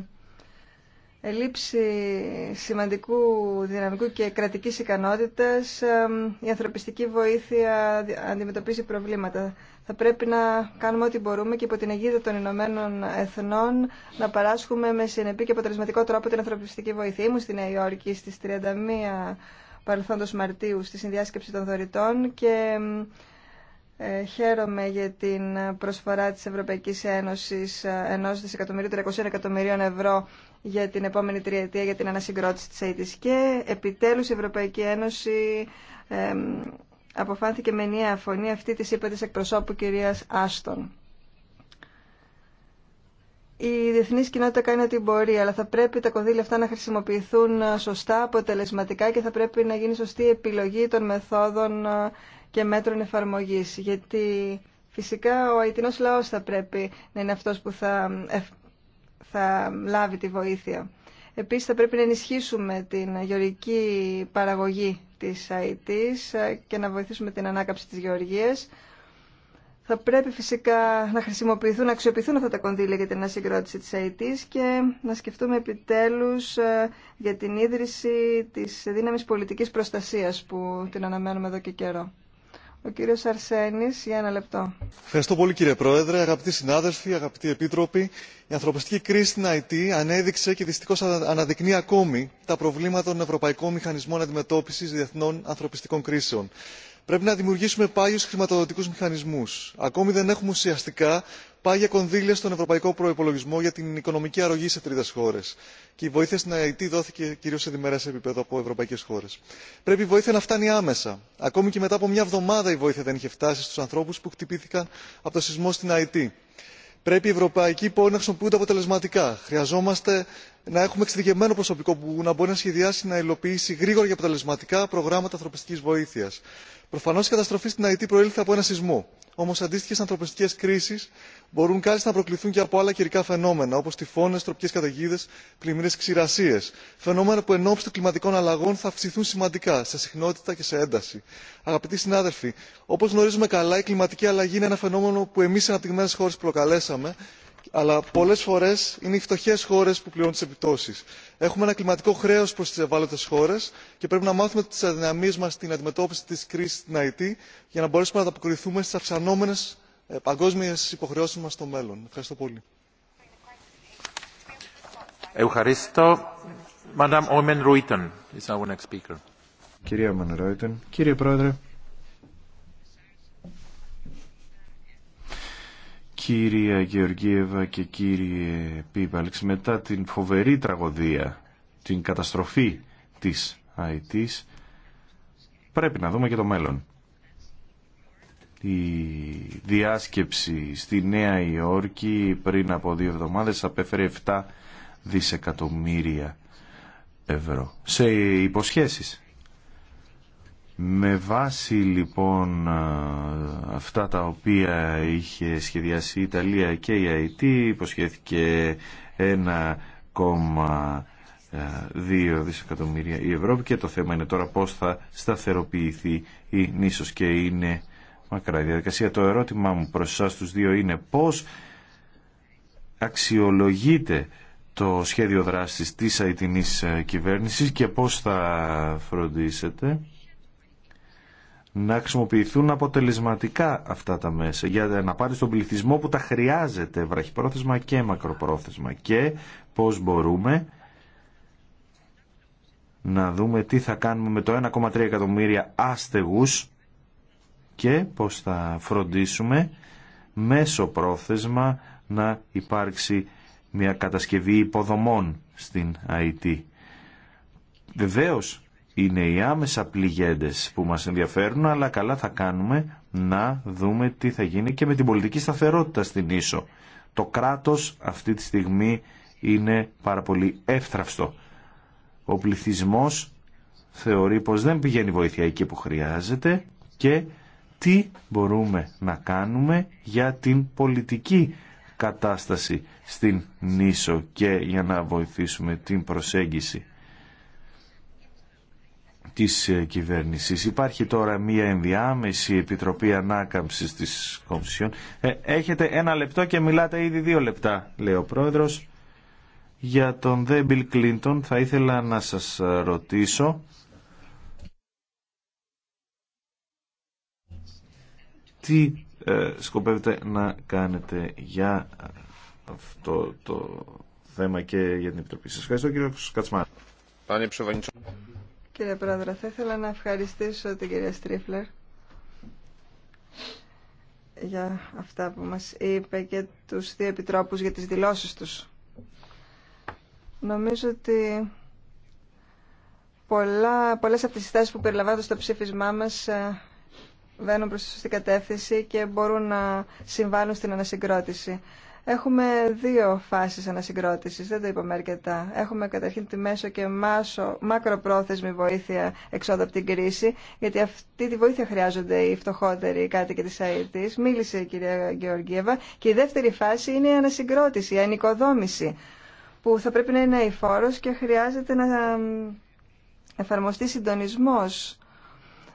ελλείψη σημαντικού δυναμικού και κρατικής ικανότητας, η ανθρωπιστική βοήθεια αντιμετωπίζει προβλήματα. Θα πρέπει να κάνουμε ό,τι μπορούμε και υπό την αιγίδα των Ηνωμένων Εθνών να παράσχουμε με συνεπή και αποτελεσματικό τρόπο την ανθρωπιστική βοήθεια. Ήμουν στη Νέα Υόρκη στις 31 παρελθόντος Μαρτίου στη συνδιάσκεψη των δωρητών και ε, χαίρομαι για την προσφορά της Ευρωπαϊκής Ένωσης ε, ενός δισεκατομμυρίου 300 εκατομμυρίων ευρώ για την επόμενη τριετία για την ανασυγκρότηση της ΑΕΤΙΣ και επιτέλους η Ευρωπαϊκή Ένωση ε, αποφάνθηκε με νέα φωνή αυτή της είπα της εκπροσώπου κυρίας Άστον. Η διεθνή κοινότητα κάνει ό,τι μπορεί, αλλά θα πρέπει τα κονδύλια αυτά να χρησιμοποιηθούν σωστά, αποτελεσματικά και θα πρέπει να γίνει σωστή επιλογή των μεθόδων και μέτρων εφαρμογή, γιατί φυσικά ο αιτινός λαός θα πρέπει να είναι αυτός που θα, ε, θα λάβει τη βοήθεια. Επίσης θα πρέπει να ενισχύσουμε την γεωργική παραγωγή της ΑΕΤ και να βοηθήσουμε την ανάκαψη της γεωργίας. Θα πρέπει φυσικά να χρησιμοποιηθούν, να αξιοποιηθούν αυτά τα κονδύλια για την ανασυγκρότηση της ΑΕΤ και να σκεφτούμε επιτέλους ε, για την ίδρυση της δύναμης πολιτικής προστασίας που την αναμένουμε εδώ και καιρό. Ο κύριος Αρσένης, για ένα λεπτό. Ευχαριστώ πολύ κύριε Πρόεδρε, αγαπητοί συνάδελφοι, αγαπητοί επίτροποι. Η ανθρωπιστική κρίση στην ΑΕΤ ανέδειξε και δυστυχώς αναδεικνύει ακόμη τα προβλήματα των Ευρωπαϊκών Μηχανισμών Αντιμετώπισης Διεθνών Ανθρωπιστικών Κρίσεων. Πρέπει να δημιουργήσουμε πάγιους χρηματοδοτικούς μηχανισμούς. Ακόμη δεν έχουμε ουσιαστικά πάγια κονδύλια στον ευρωπαϊκό προπολογισμό για την οικονομική αρρωγή σε τρίτε χώρε και η βοήθεια στην αϊτή δόθηκε κυρίω σε διμερέ επίπεδο από ευρωπαϊκέ χώρε. πρέπει η βοήθεια να φτάνει άμεσα. ακόμη και μετά από μια εβδομάδα η βοήθεια δεν είχε φτάσει στου ανθρώπου που χτυπήθηκαν από το σεισμό στην ΑΕΤ. πρέπει οι ευρωπαϊκοί πόροι να χρησιμοποιούνται αποτελεσματικά. χρειαζόμαστε να έχουμε εξειδικευμένο προσωπικό που να μπορεί να σχεδιάσει να υλοποιήσει γρήγορα και αποτελεσματικά προγράμματα ανθρωπιστική βοήθεια. προφανώ η καταστροφή στην αϊτή προήλθε από ένα σεισμό όμω αντίστοιχε ανθρωπιστικέ κρίσει μπορούν κάλλιστα να προκληθούν και από άλλα καιρικά φαινόμενα όπω τυφώνε τροπικέ καταιγίδε πλημμύρε ξηρασίε φαινόμενα που εν ώψη των κλιματικών αλλαγών θα αυξηθούν σημαντικά σε συχνότητα και σε ένταση. αγαπητοί συνάδελφοι όπω γνωρίζουμε καλά η κλιματική αλλαγή είναι ένα φαινόμενο που εμεί οι χώρε προκαλέσαμε αλλά πολλές φορές είναι οι φτωχέ χώρες που πληρώνουν τις επιπτώσεις. έχουμε ένα κλιματικό χρέος προς τις ευάλωτες χώρες και πρέπει να μάθουμε τις αδυναμίες μας στην αντιμετώπιση της κρίσης στην αϊτή για να μπορέσουμε να ανταποκριθούμε στις αυξανόμενες ε, παγκόσμιες υποχρεώσεις μας στο μέλλον. ευχαριστώ πολύ. Κύρια Γεωργίευα και κύριε Πίπαλξ, μετά την φοβερή τραγωδία, την καταστροφή της ΑΕΤΙΣ, πρέπει να δούμε και το μέλλον. Η διάσκεψη στη Νέα Υόρκη πριν από δύο εβδομάδες απέφερε 7 δισεκατομμύρια ευρώ σε υποσχέσεις. Με βάση λοιπόν αυτά τα οποία είχε σχεδιάσει η Ιταλία και η ΑΕΤ υποσχέθηκε 1,2 δισεκατομμύρια η Ευρώπη και το θέμα είναι τώρα πώς θα σταθεροποιηθεί η νήσος και είναι μακρά η διαδικασία. Το ερώτημά μου προς εσάς τους δύο είναι πώς αξιολογείται το σχέδιο δράσης της αιτινής ε, κυβέρνησης και πώς θα φροντίσετε να χρησιμοποιηθούν αποτελεσματικά αυτά τα μέσα για να πάρει στον πληθυσμό που τα χρειάζεται βραχυπρόθεσμα και μακροπρόθεσμα και πώς μπορούμε να δούμε τι θα κάνουμε με το 1,3 εκατομμύρια άστεγους και πώς θα φροντίσουμε μέσω πρόθεσμα να υπάρξει μια κατασκευή υποδομών στην ΑΕΤ. Βεβαίως είναι οι άμεσα πληγέντες που μας ενδιαφέρουν, αλλά καλά θα κάνουμε να δούμε τι θα γίνει και με την πολιτική σταθερότητα στην Ίσο. Το κράτος αυτή τη στιγμή είναι πάρα πολύ εύθραυστο. Ο πληθυσμός θεωρεί πως δεν πηγαίνει βοήθεια εκεί που χρειάζεται και τι μπορούμε να κάνουμε για την πολιτική κατάσταση στην Νήσο και για να βοηθήσουμε την προσέγγιση της ε, κυβέρνησης. Υπάρχει τώρα μία ενδιάμεση επιτροπή ανάκαμψης της Ε, έχετε ένα λεπτό και μιλάτε ήδη δύο λεπτά, λέει ο πρόεδρος. Για τον Δε Κλίντον θα ήθελα να σας ρωτήσω τι ε, σκοπεύετε να κάνετε για αυτό το θέμα και για την Επιτροπή. Σας ευχαριστώ Κύριε Κατσμάρ. Κύριε Πρόεδρε, θα ήθελα να ευχαριστήσω την κυρία Στρίφλερ για αυτά που μας είπε και τους δύο επιτρόπους για τις δηλώσεις τους. Νομίζω ότι πολλά, πολλές από τις θέσεις που περιλαμβάνονται στο ψήφισμά μας ε, βαίνουν προς τη σωστή κατεύθυνση και μπορούν να συμβάλλουν στην ανασυγκρότηση. Έχουμε δύο φάσεις ανασυγκρότησης, δεν το είπαμε αρκετά. Έχουμε καταρχήν τη μέσο και μάσο, μακροπρόθεσμη βοήθεια εξόδου από την κρίση, γιατί αυτή τη βοήθεια χρειάζονται οι φτωχότεροι κάτοικοι της ΑΕΤ. Μίλησε η κυρία Γεωργίευα. Και η δεύτερη φάση είναι η ανασυγκρότηση, η ανοικοδόμηση, που θα πρέπει να είναι φόρος και χρειάζεται να εφαρμοστεί συντονισμός.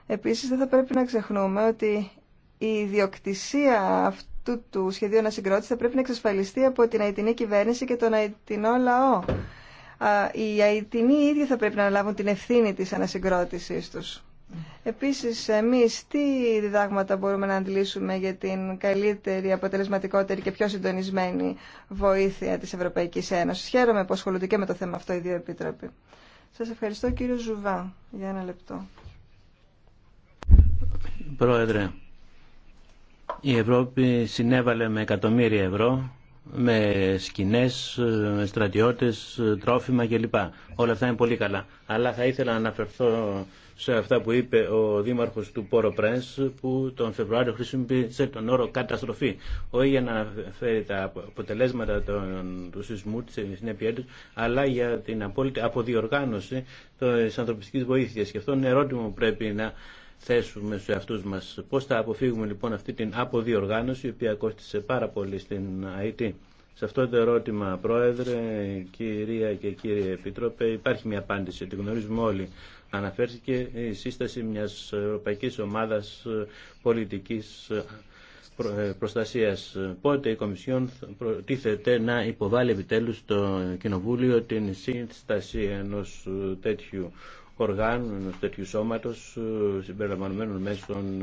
Επίσης δεν θα πρέπει να ξεχνούμε ότι η ιδιοκτησία αυτού του σχεδίου ανασυγκρότηση θα πρέπει να εξασφαλιστεί από την Αιτινή κυβέρνηση και τον Αιτινό λαό. Οι Αιτινοί ίδιοι θα πρέπει να αναλάβουν την ευθύνη της ανασυγκρότησής τους. Επίσης, εμείς τι διδάγματα μπορούμε να αντλήσουμε για την καλύτερη, αποτελεσματικότερη και πιο συντονισμένη βοήθεια της Ευρωπαϊκής Ένωσης. Χαίρομαι που ασχολούνται και με το θέμα αυτό οι δύο επίτροποι. Σας ευχαριστώ κύριο Ζουβά για ένα λεπτό. Πρόεδρε, η Ευρώπη συνέβαλε με εκατομμύρια ευρώ, με σκηνές, με στρατιώτες, τρόφιμα κλπ. Όλα αυτά είναι πολύ καλά. Αλλά θα ήθελα να αναφερθώ σε αυτά που είπε ο δήμαρχος του Πόρο Πρένς που τον Φεβρουάριο χρησιμοποίησε τον όρο καταστροφή. Όχι για να φέρει τα αποτελέσματα του σεισμού, της συνέπειά του, αλλά για την απόλυτη αποδιοργάνωση της ανθρωπιστικής βοήθειας. Και αυτό είναι ερώτημα που πρέπει να θέσουμε σε αυτούς μας. Πώς θα αποφύγουμε λοιπόν αυτή την αποδιοργάνωση η οποία κόστησε πάρα πολύ στην ΑΕΤ. Σε αυτό το ερώτημα, Πρόεδρε, κυρία και κύριε Επίτροπε, υπάρχει μια απάντηση, την γνωρίζουμε όλοι. Αναφέρθηκε η σύσταση μιας Ευρωπαϊκής Ομάδας Πολιτικής Προστασίας. Πότε η Κομισιόν προτίθεται να υποβάλει επιτέλους στο Κοινοβούλιο την σύσταση ενός τέτοιου οργάνων τέτοιου σώματος ε, συμπεριλαμβανομένων μέσων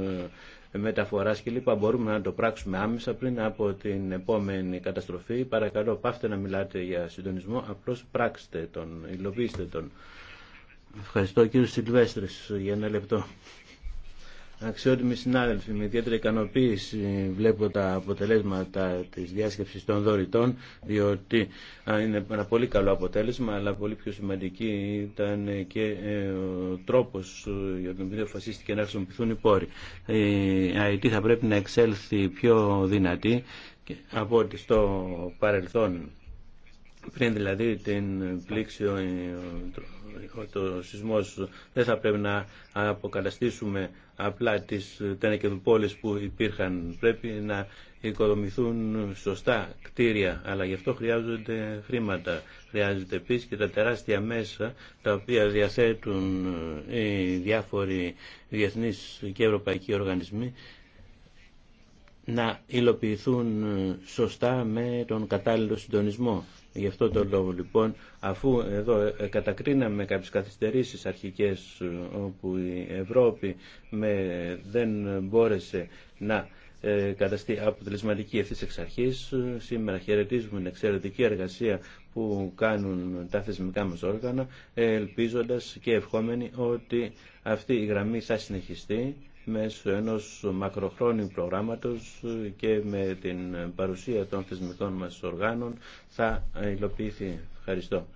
ε, μεταφοράς κλπ. Μπορούμε να το πράξουμε άμεσα πριν από την επόμενη καταστροφή. Παρακαλώ πάφτε να μιλάτε για συντονισμό, απλώς πράξτε τον, υλοποιήστε τον. Ευχαριστώ κύριο Σιλβέστρης για ένα λεπτό. Αξιότιμοι συνάδελφοι, με ιδιαίτερη ικανοποίηση βλέπω τα αποτελέσματα της διάσκεψης των δωρητών, διότι είναι ένα πολύ καλό αποτέλεσμα, αλλά πολύ πιο σημαντική ήταν και ε, ο τρόπος ε, για τον οποίο αποφασίστηκε να χρησιμοποιηθούν οι πόροι. Η ΑΕΤ θα πρέπει να εξέλθει πιο δυνατή από ό,τι στο παρελθόν πριν δηλαδή την πλήξη ο, το σεισμός δεν θα πρέπει να αποκαταστήσουμε απλά τις πόλεις που υπήρχαν. Πρέπει να οικοδομηθούν σωστά κτίρια, αλλά γι' αυτό χρειάζονται χρήματα. Χρειάζεται επίσης και τα τεράστια μέσα τα οποία διαθέτουν οι διάφοροι διεθνείς και ευρωπαϊκοί οργανισμοί να υλοποιηθούν σωστά με τον κατάλληλο συντονισμό. Γι' αυτό τον λόγο λοιπόν, αφού εδώ ε, κατακρίναμε κάποιες καθυστερήσεις αρχικές ε, όπου η Ευρώπη με, δεν μπόρεσε να ε, καταστεί αποτελεσματική ευθύς εξ αρχής. Σήμερα χαιρετίζουμε την εξαιρετική εργασία που κάνουν τα θεσμικά μας όργανα, ελπίζοντας και ευχόμενοι ότι αυτή η γραμμή θα συνεχιστεί μέσω ενός μακροχρόνιου προγράμματος και με την παρουσία των θεσμικών μας οργάνων θα υλοποιηθεί. Ευχαριστώ.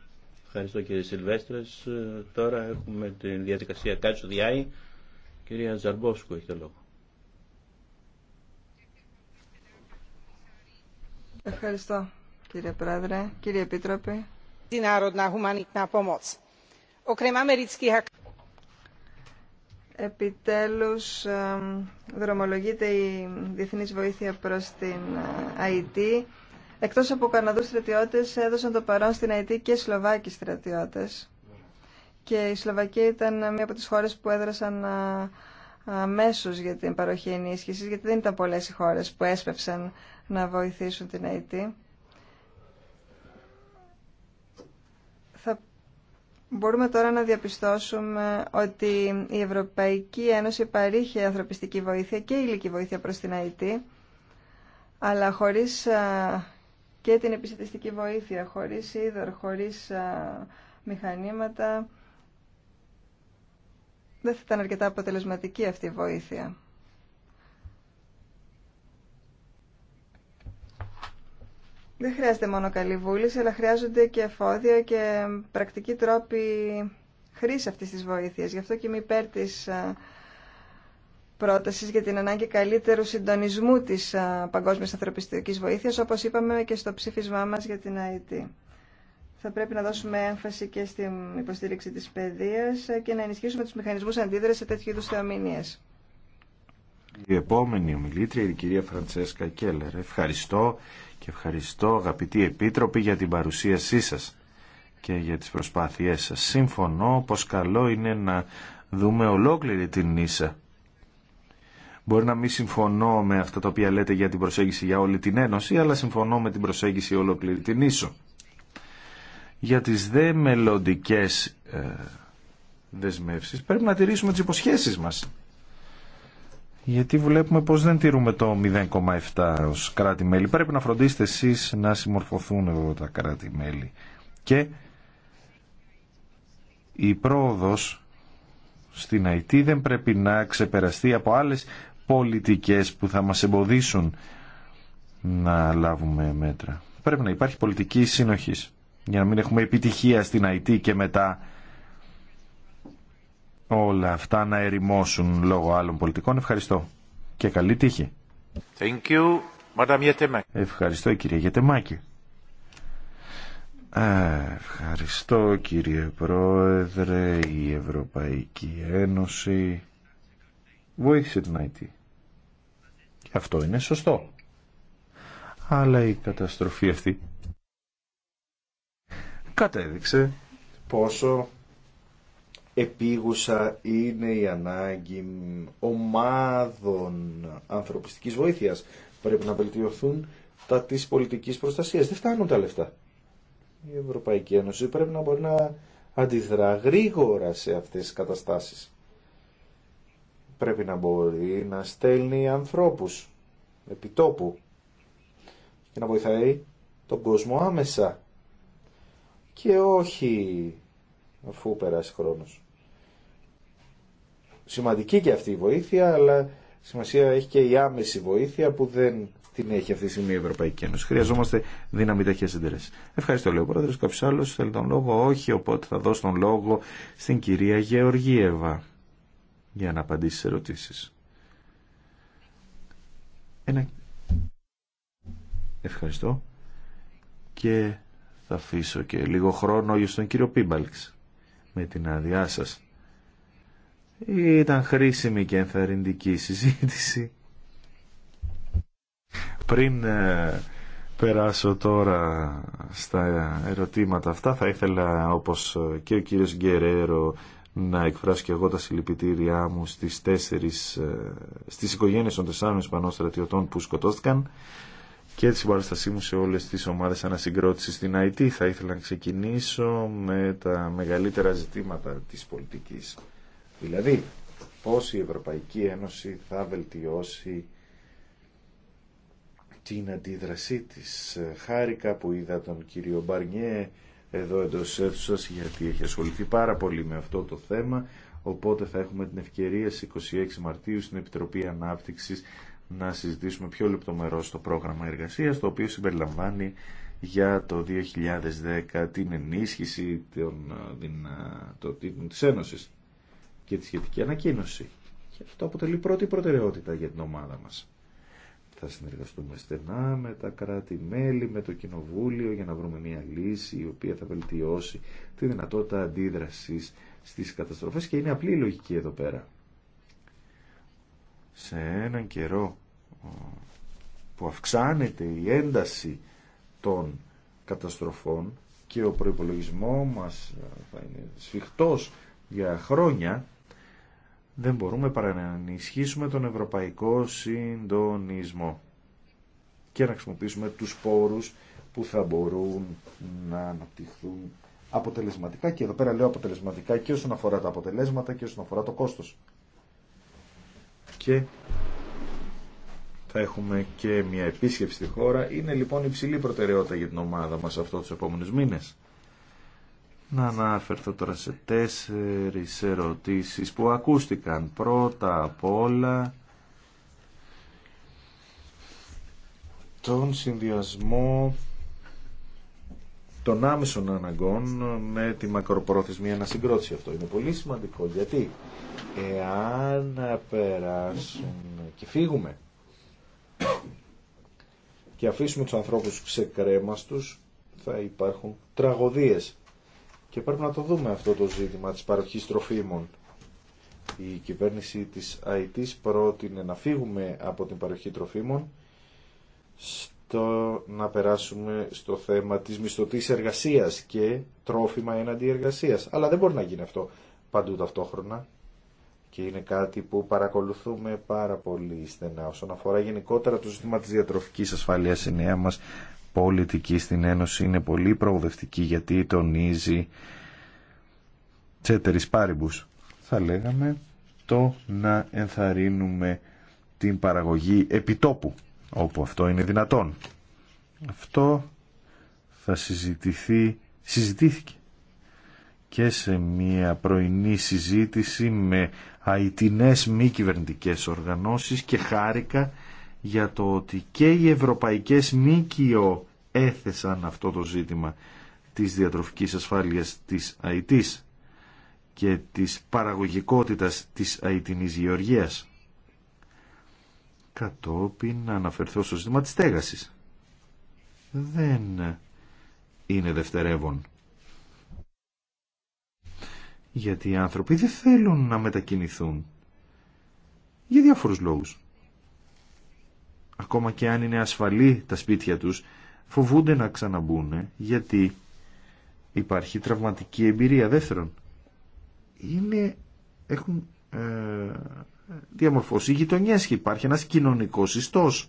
Ευχαριστώ κύριε Σιλβέστρες. Τώρα έχουμε τη διαδικασία Κάτσου Διάη. Κυρία Ζαρμπόσκου έχει το λόγο. Ευχαριστώ κύριε Πρόεδρε, κύριε Επίτροπε. Επιτέλους δρομολογείται η διεθνής βοήθεια προς την ε, ΑΙΤ. Εκτός από Καναδούς στρατιώτες έδωσαν το παρόν στην ΑΙΤ και Σλοβάκοι στρατιώτες. Και η Σλοβακία ήταν μία από τις χώρες που έδρασαν ε, αμέσως για την παροχή ενίσχυσης, γιατί δεν ήταν πολλές οι χώρες που έσπευσαν να βοηθήσουν την ΑΙΤ. Μπορούμε τώρα να διαπιστώσουμε ότι η Ευρωπαϊκή Ένωση παρήχε ανθρωπιστική βοήθεια και υλική βοήθεια προς την ΑΕΤ, αλλά χωρίς και την επιστημιστική βοήθεια, χωρίς είδωρ, χωρίς μηχανήματα, δεν θα ήταν αρκετά αποτελεσματική αυτή η βοήθεια. Δεν χρειάζεται μόνο καλή βούληση, αλλά χρειάζονται και εφόδια και πρακτικοί τρόποι χρήση αυτή τη βοήθεια. Γι' αυτό και είμαι υπέρ τη ε, πρόταση για την ανάγκη καλύτερου συντονισμού τη ε, Παγκόσμια ανθρωπιστικής βοήθεια, όπω είπαμε και στο ψήφισμά μα για την ΑΕΤ. Θα πρέπει να δώσουμε έμφαση και στην υποστήριξη τη παιδεία ε, και να ενισχύσουμε του μηχανισμού αντίδρασης σε τέτοιου είδου θεομηνίε. Η επόμενη ομιλήτρια, η κυρία Φραντσέσκα Κέλλερ. Ευχαριστώ και ευχαριστώ αγαπητοί επίτροποι για την παρουσίασή σας και για τις προσπάθειές σας. Συμφωνώ πως καλό είναι να δούμε ολόκληρη την Ίσα. Μπορεί να μην συμφωνώ με αυτά τα οποία λέτε για την προσέγγιση για όλη την Ένωση, αλλά συμφωνώ με την προσέγγιση ολόκληρη την Ίσο. Για τις δε μελλοντικέ ε, δεσμεύσεις πρέπει να τηρήσουμε τις υποσχέσεις μας γιατί βλέπουμε πως δεν τηρούμε το 0,7 ως κράτη-μέλη. Πρέπει να φροντίσετε εσείς να συμμορφωθούν εδώ τα κράτη-μέλη. Και η πρόοδος στην ΑΕΤ δεν πρέπει να ξεπεραστεί από άλλες πολιτικές που θα μας εμποδίσουν να λάβουμε μέτρα. Πρέπει να υπάρχει πολιτική συνοχής για να μην έχουμε επιτυχία στην ΑΕΤ και μετά όλα αυτά να ερημώσουν λόγω άλλων πολιτικών. Ευχαριστώ και καλή τύχη. Thank you, Ευχαριστώ κύριε Γετεμάκη. Ευχαριστώ κύριε Πρόεδρε, η Ευρωπαϊκή Ένωση βοήθησε την IT. Και αυτό είναι σωστό. Αλλά η καταστροφή αυτή κατέδειξε πόσο επίγουσα είναι η ανάγκη ομάδων ανθρωπιστικής βοήθειας. Πρέπει να βελτιωθούν τα της πολιτικής προστασίας. Δεν φτάνουν τα λεφτά. Η Ευρωπαϊκή Ένωση πρέπει να μπορεί να αντιδρά γρήγορα σε αυτές τις καταστάσεις. Πρέπει να μπορεί να στέλνει ανθρώπους επιτόπου και να βοηθάει τον κόσμο άμεσα και όχι αφού περάσει χρόνος. Σημαντική και αυτή η βοήθεια, αλλά σημασία έχει και η άμεση βοήθεια που δεν την έχει αυτή τη στιγμή η Ευρωπαϊκή Ένωση. Χρειαζόμαστε δύναμη ταχεία Ευχαριστώ, λέει ο πρόεδρο. Κάποιο άλλο θέλει τον λόγο. Όχι, οπότε θα δώσω τον λόγο στην κυρία Γεωργίευα για να απαντήσει σε ερωτήσει. Ένα... Ευχαριστώ. Και θα αφήσω και λίγο χρόνο για τον κύριο Πίμπαλξ με την άδειά σας. Ήταν χρήσιμη και ενθαρρυντική συζήτηση. Πριν ε, περάσω τώρα στα ερωτήματα αυτά, θα ήθελα όπως και ο κύριος Γκερέρο να εκφράσω και εγώ τα συλληπιτήριά μου στις, τέσσερις, ε, στις οικογένειες των τεσσάρων Ισπανών στρατιωτών που σκοτώθηκαν και τη συμπαραστασή μου σε όλες τις ομάδες ανασυγκρότησης στην ΑΕΤ. Θα ήθελα να ξεκινήσω με τα μεγαλύτερα ζητήματα της πολιτικής. Δηλαδή, πώς η Ευρωπαϊκή Ένωση θα βελτιώσει την αντίδρασή της. Χάρηκα που είδα τον κύριο Μπαρνιέ εδώ εντός σα γιατί έχει ασχοληθεί πάρα πολύ με αυτό το θέμα οπότε θα έχουμε την ευκαιρία στις 26 Μαρτίου στην Επιτροπή Ανάπτυξης να συζητήσουμε πιο λεπτομερώς το πρόγραμμα εργασίας το οποίο συμπεριλαμβάνει για το 2010 την ενίσχυση των δυνατοτήτων ε, ε, της Ένωσης και τη σχετική ανακοίνωση. Και αυτό αποτελεί πρώτη προτεραιότητα για την ομάδα μας. Θα συνεργαστούμε στενά με τα κράτη-μέλη, με το Κοινοβούλιο για να βρούμε μια λύση η οποία θα βελτιώσει τη δυνατότητα αντίδρασης στις καταστροφές και είναι απλή η λογική εδώ πέρα. Σε έναν καιρό που αυξάνεται η ένταση των καταστροφών και ο προϋπολογισμό μας ε, θα είναι σφιχτός για χρόνια δεν μπορούμε παρά να ενισχύσουμε τον ευρωπαϊκό συντονισμό και να χρησιμοποιήσουμε τους πόρους που θα μπορούν να αναπτυχθούν αποτελεσματικά και εδώ πέρα λέω αποτελεσματικά και όσον αφορά τα αποτελέσματα και όσον αφορά το κόστος. Και θα έχουμε και μια επίσκεψη στη χώρα. Είναι λοιπόν υψηλή προτεραιότητα για την ομάδα μας αυτό τους επόμενους μήνες. Να αναφερθώ τώρα σε τέσσερις ερωτήσεις που ακούστηκαν. Πρώτα απ' όλα τον συνδυασμό των άμεσων αναγκών με τη μακροπρόθεσμη ανασυγκρότηση. Αυτό είναι πολύ σημαντικό γιατί εάν περάσουμε και φύγουμε και αφήσουμε τους ανθρώπους ξεκρέμαστους θα υπάρχουν τραγωδίες και πρέπει να το δούμε αυτό το ζήτημα της παροχής τροφίμων. Η κυβέρνηση της ΑΕΤΙΣ πρότεινε να φύγουμε από την παροχή τροφίμων στο να περάσουμε στο θέμα της μισθωτής εργασίας και τρόφιμα έναντι εργασίας. Αλλά δεν μπορεί να γίνει αυτό παντού ταυτόχρονα και είναι κάτι που παρακολουθούμε πάρα πολύ στενά όσον αφορά γενικότερα το ζήτημα της διατροφικής ασφαλείας η νέα μας πολιτική στην Ένωση είναι πολύ προοδευτική γιατί τονίζει τσέτερης πάρυμπους. Θα λέγαμε το να ενθαρρύνουμε την παραγωγή επιτόπου όπου αυτό είναι δυνατόν. Αυτό θα συζητηθεί, συζητήθηκε και σε μια πρωινή συζήτηση με αιτινές μη κυβερνητικέ οργανώσεις και χάρηκα για το ότι και οι ευρωπαϊκές μήκυο έθεσαν αυτό το ζήτημα της διατροφικής ασφάλειας της ΑΕΤΙΣ και της παραγωγικότητας της αϊτινής γεωργίας. Κατόπιν να αναφερθώ στο ζήτημα της στέγασης. Δεν είναι δευτερεύον. Γιατί οι άνθρωποι δεν θέλουν να μετακινηθούν. Για διάφορους λόγους ακόμα και αν είναι ασφαλή τα σπίτια τους, φοβούνται να ξαναμπούνε γιατί υπάρχει τραυματική εμπειρία. Δεύτερον, είναι, έχουν ε, διαμορφώσει γειτονιές και υπάρχει ένας κοινωνικός ιστός.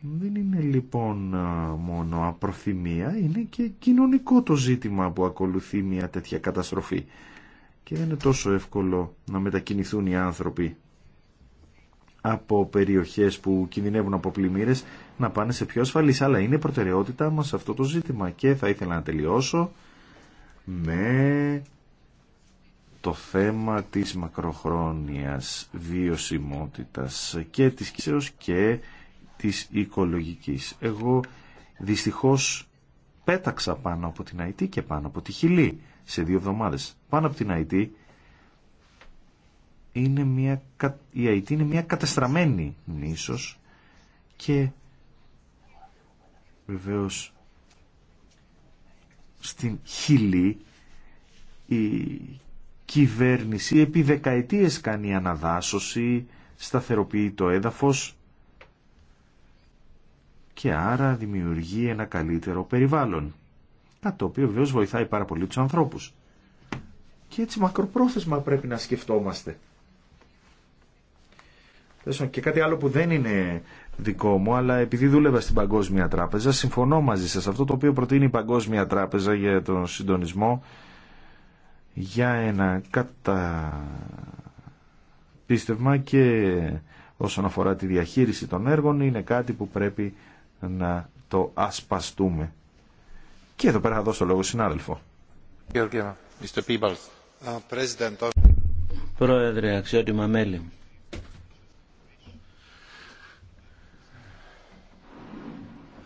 Δεν είναι λοιπόν ε, μόνο απροθυμία, είναι και κοινωνικό το ζήτημα που ακολουθεί μια τέτοια καταστροφή. Και δεν είναι τόσο εύκολο να μετακινηθούν οι άνθρωποι από περιοχές που κινδυνεύουν από πλημμύρες να πάνε σε πιο ασφαλείς. Αλλά είναι προτεραιότητά μας αυτό το ζήτημα και θα ήθελα να τελειώσω με το θέμα της μακροχρόνιας βιωσιμότητας και της κυσέως και της οικολογικής. Εγώ δυστυχώς πέταξα πάνω από την Αϊτή και πάνω από τη Χιλή σε δύο εβδομάδες. Πάνω από την Αϊτή είναι μια, η Αϊτή είναι μια κατεστραμμένη νήσος και βεβαίως στην Χιλή η κυβέρνηση επί δεκαετίες κάνει αναδάσωση, σταθεροποιεί το έδαφος και άρα δημιουργεί ένα καλύτερο περιβάλλον. Κάτι το οποίο βεβαίως βοηθάει πάρα πολύ τους ανθρώπους. Και έτσι μακροπρόθεσμα πρέπει να σκεφτόμαστε και κάτι άλλο που δεν είναι δικό μου, αλλά επειδή δούλευα στην Παγκόσμια Τράπεζα, συμφωνώ μαζί σας. Αυτό το οποίο προτείνει η Παγκόσμια Τράπεζα για τον συντονισμό, για ένα καταπίστευμα και όσον αφορά τη διαχείριση των έργων, είναι κάτι που πρέπει να το ασπαστούμε. Και εδώ πέρα θα δώσω λόγο συνάδελφο. Πρόεδρε, αξιότιμα μέλη.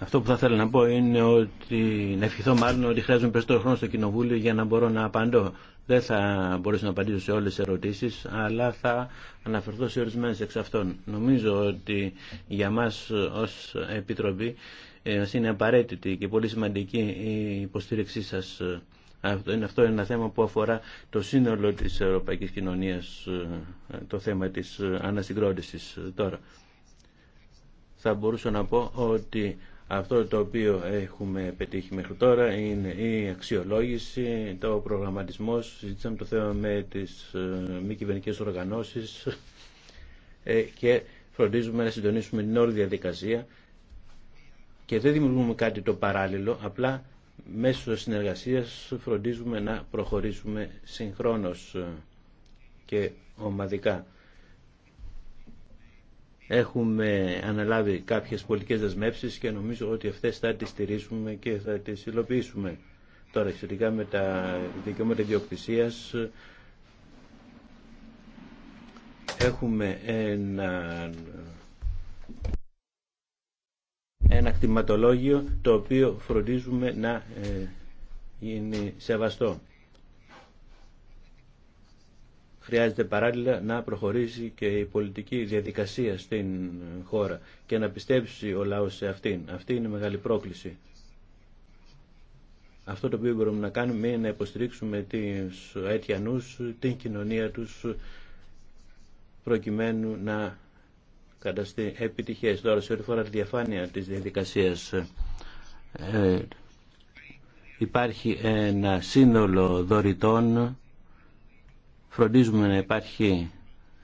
Αυτό που θα ήθελα να πω είναι ότι να ευχηθώ μάλλον ότι χρειάζομαι περισσότερο χρόνο στο Κοινοβούλιο για να μπορώ να απαντώ. Δεν θα μπορέσω να απαντήσω σε όλες τις ερωτήσεις, αλλά θα αναφερθώ σε ορισμένες εξ αυτών. Νομίζω ότι για μας ως Επιτροπή ε, είναι απαραίτητη και πολύ σημαντική η υποστήριξή σας. Αυτό είναι, αυτό ένα θέμα που αφορά το σύνολο της ευρωπαϊκής κοινωνίας, ε, το θέμα της ε, ανασυγκρότησης τώρα. Θα μπορούσα να πω ότι αυτό το οποίο έχουμε πετύχει μέχρι τώρα είναι η αξιολόγηση, το προγραμματισμό, συζήτησαμε το θέμα με τις ε, μη κυβερνικέ οργανώσεις ε, και φροντίζουμε να συντονίσουμε την όλη διαδικασία και δεν δημιουργούμε κάτι το παράλληλο, απλά μέσω συνεργασίας φροντίζουμε να προχωρήσουμε συγχρόνως ε, και ομαδικά έχουμε αναλάβει κάποιες πολιτικές δεσμεύσεις και νομίζω ότι αυτές θα τις στηρίσουμε και θα τις υλοποιήσουμε. Τώρα, σχετικά με τα δικαιώματα ιδιοκτησίας, έχουμε ένα, ένα κτηματολόγιο το οποίο φροντίζουμε να ε, γίνει σεβαστό χρειάζεται παράλληλα να προχωρήσει και η πολιτική διαδικασία στην χώρα και να πιστέψει ο λαός σε αυτήν. Αυτή είναι μεγάλη πρόκληση. Αυτό το οποίο μπορούμε να κάνουμε είναι να υποστηρίξουμε τις αιτιανούς, την κοινωνία τους, προκειμένου να καταστεί επιτυχές. Τώρα, σε ό,τι φορά τη διαφάνεια της διαδικασίας, ε, υπάρχει ένα σύνολο δωρητών φροντίζουμε να υπάρχει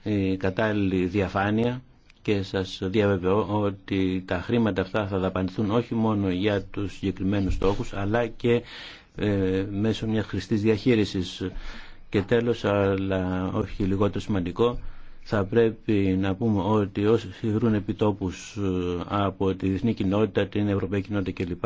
η κατάλληλη διαφάνεια και σας διαβεβαιώ ότι τα χρήματα αυτά θα δαπανηθούν όχι μόνο για τους συγκεκριμένους στόχους αλλά και ε, μέσω μιας χρηστής διαχείρισης. Και τέλος, αλλά όχι λιγότερο σημαντικό, θα πρέπει να πούμε ότι όσοι βρουν επιτόπους ε, από τη διεθνή κοινότητα, την ευρωπαϊκή κοινότητα κλπ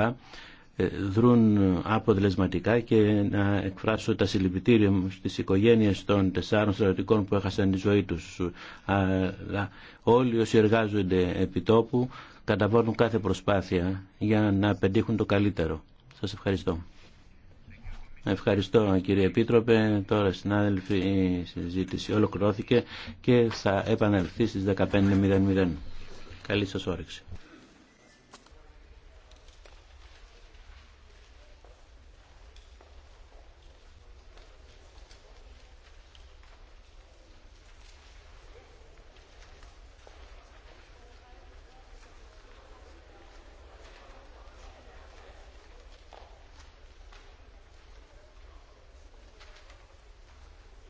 ε, δρούν αποτελεσματικά και να εκφράσω τα συλληπιτήρια μου στις οικογένειες των τεσσάρων στρατιωτικών που έχασαν τη ζωή τους. Αλλά όλοι όσοι εργάζονται επί τόπου καταβάλουν κάθε προσπάθεια για να πετύχουν το καλύτερο. Σας ευχαριστώ. Ευχαριστώ κύριε Επίτροπε. Τώρα συνάδελφοι η συζήτηση ολοκληρώθηκε και θα επαναληφθεί στις 15.00. Καλή σας όρεξη.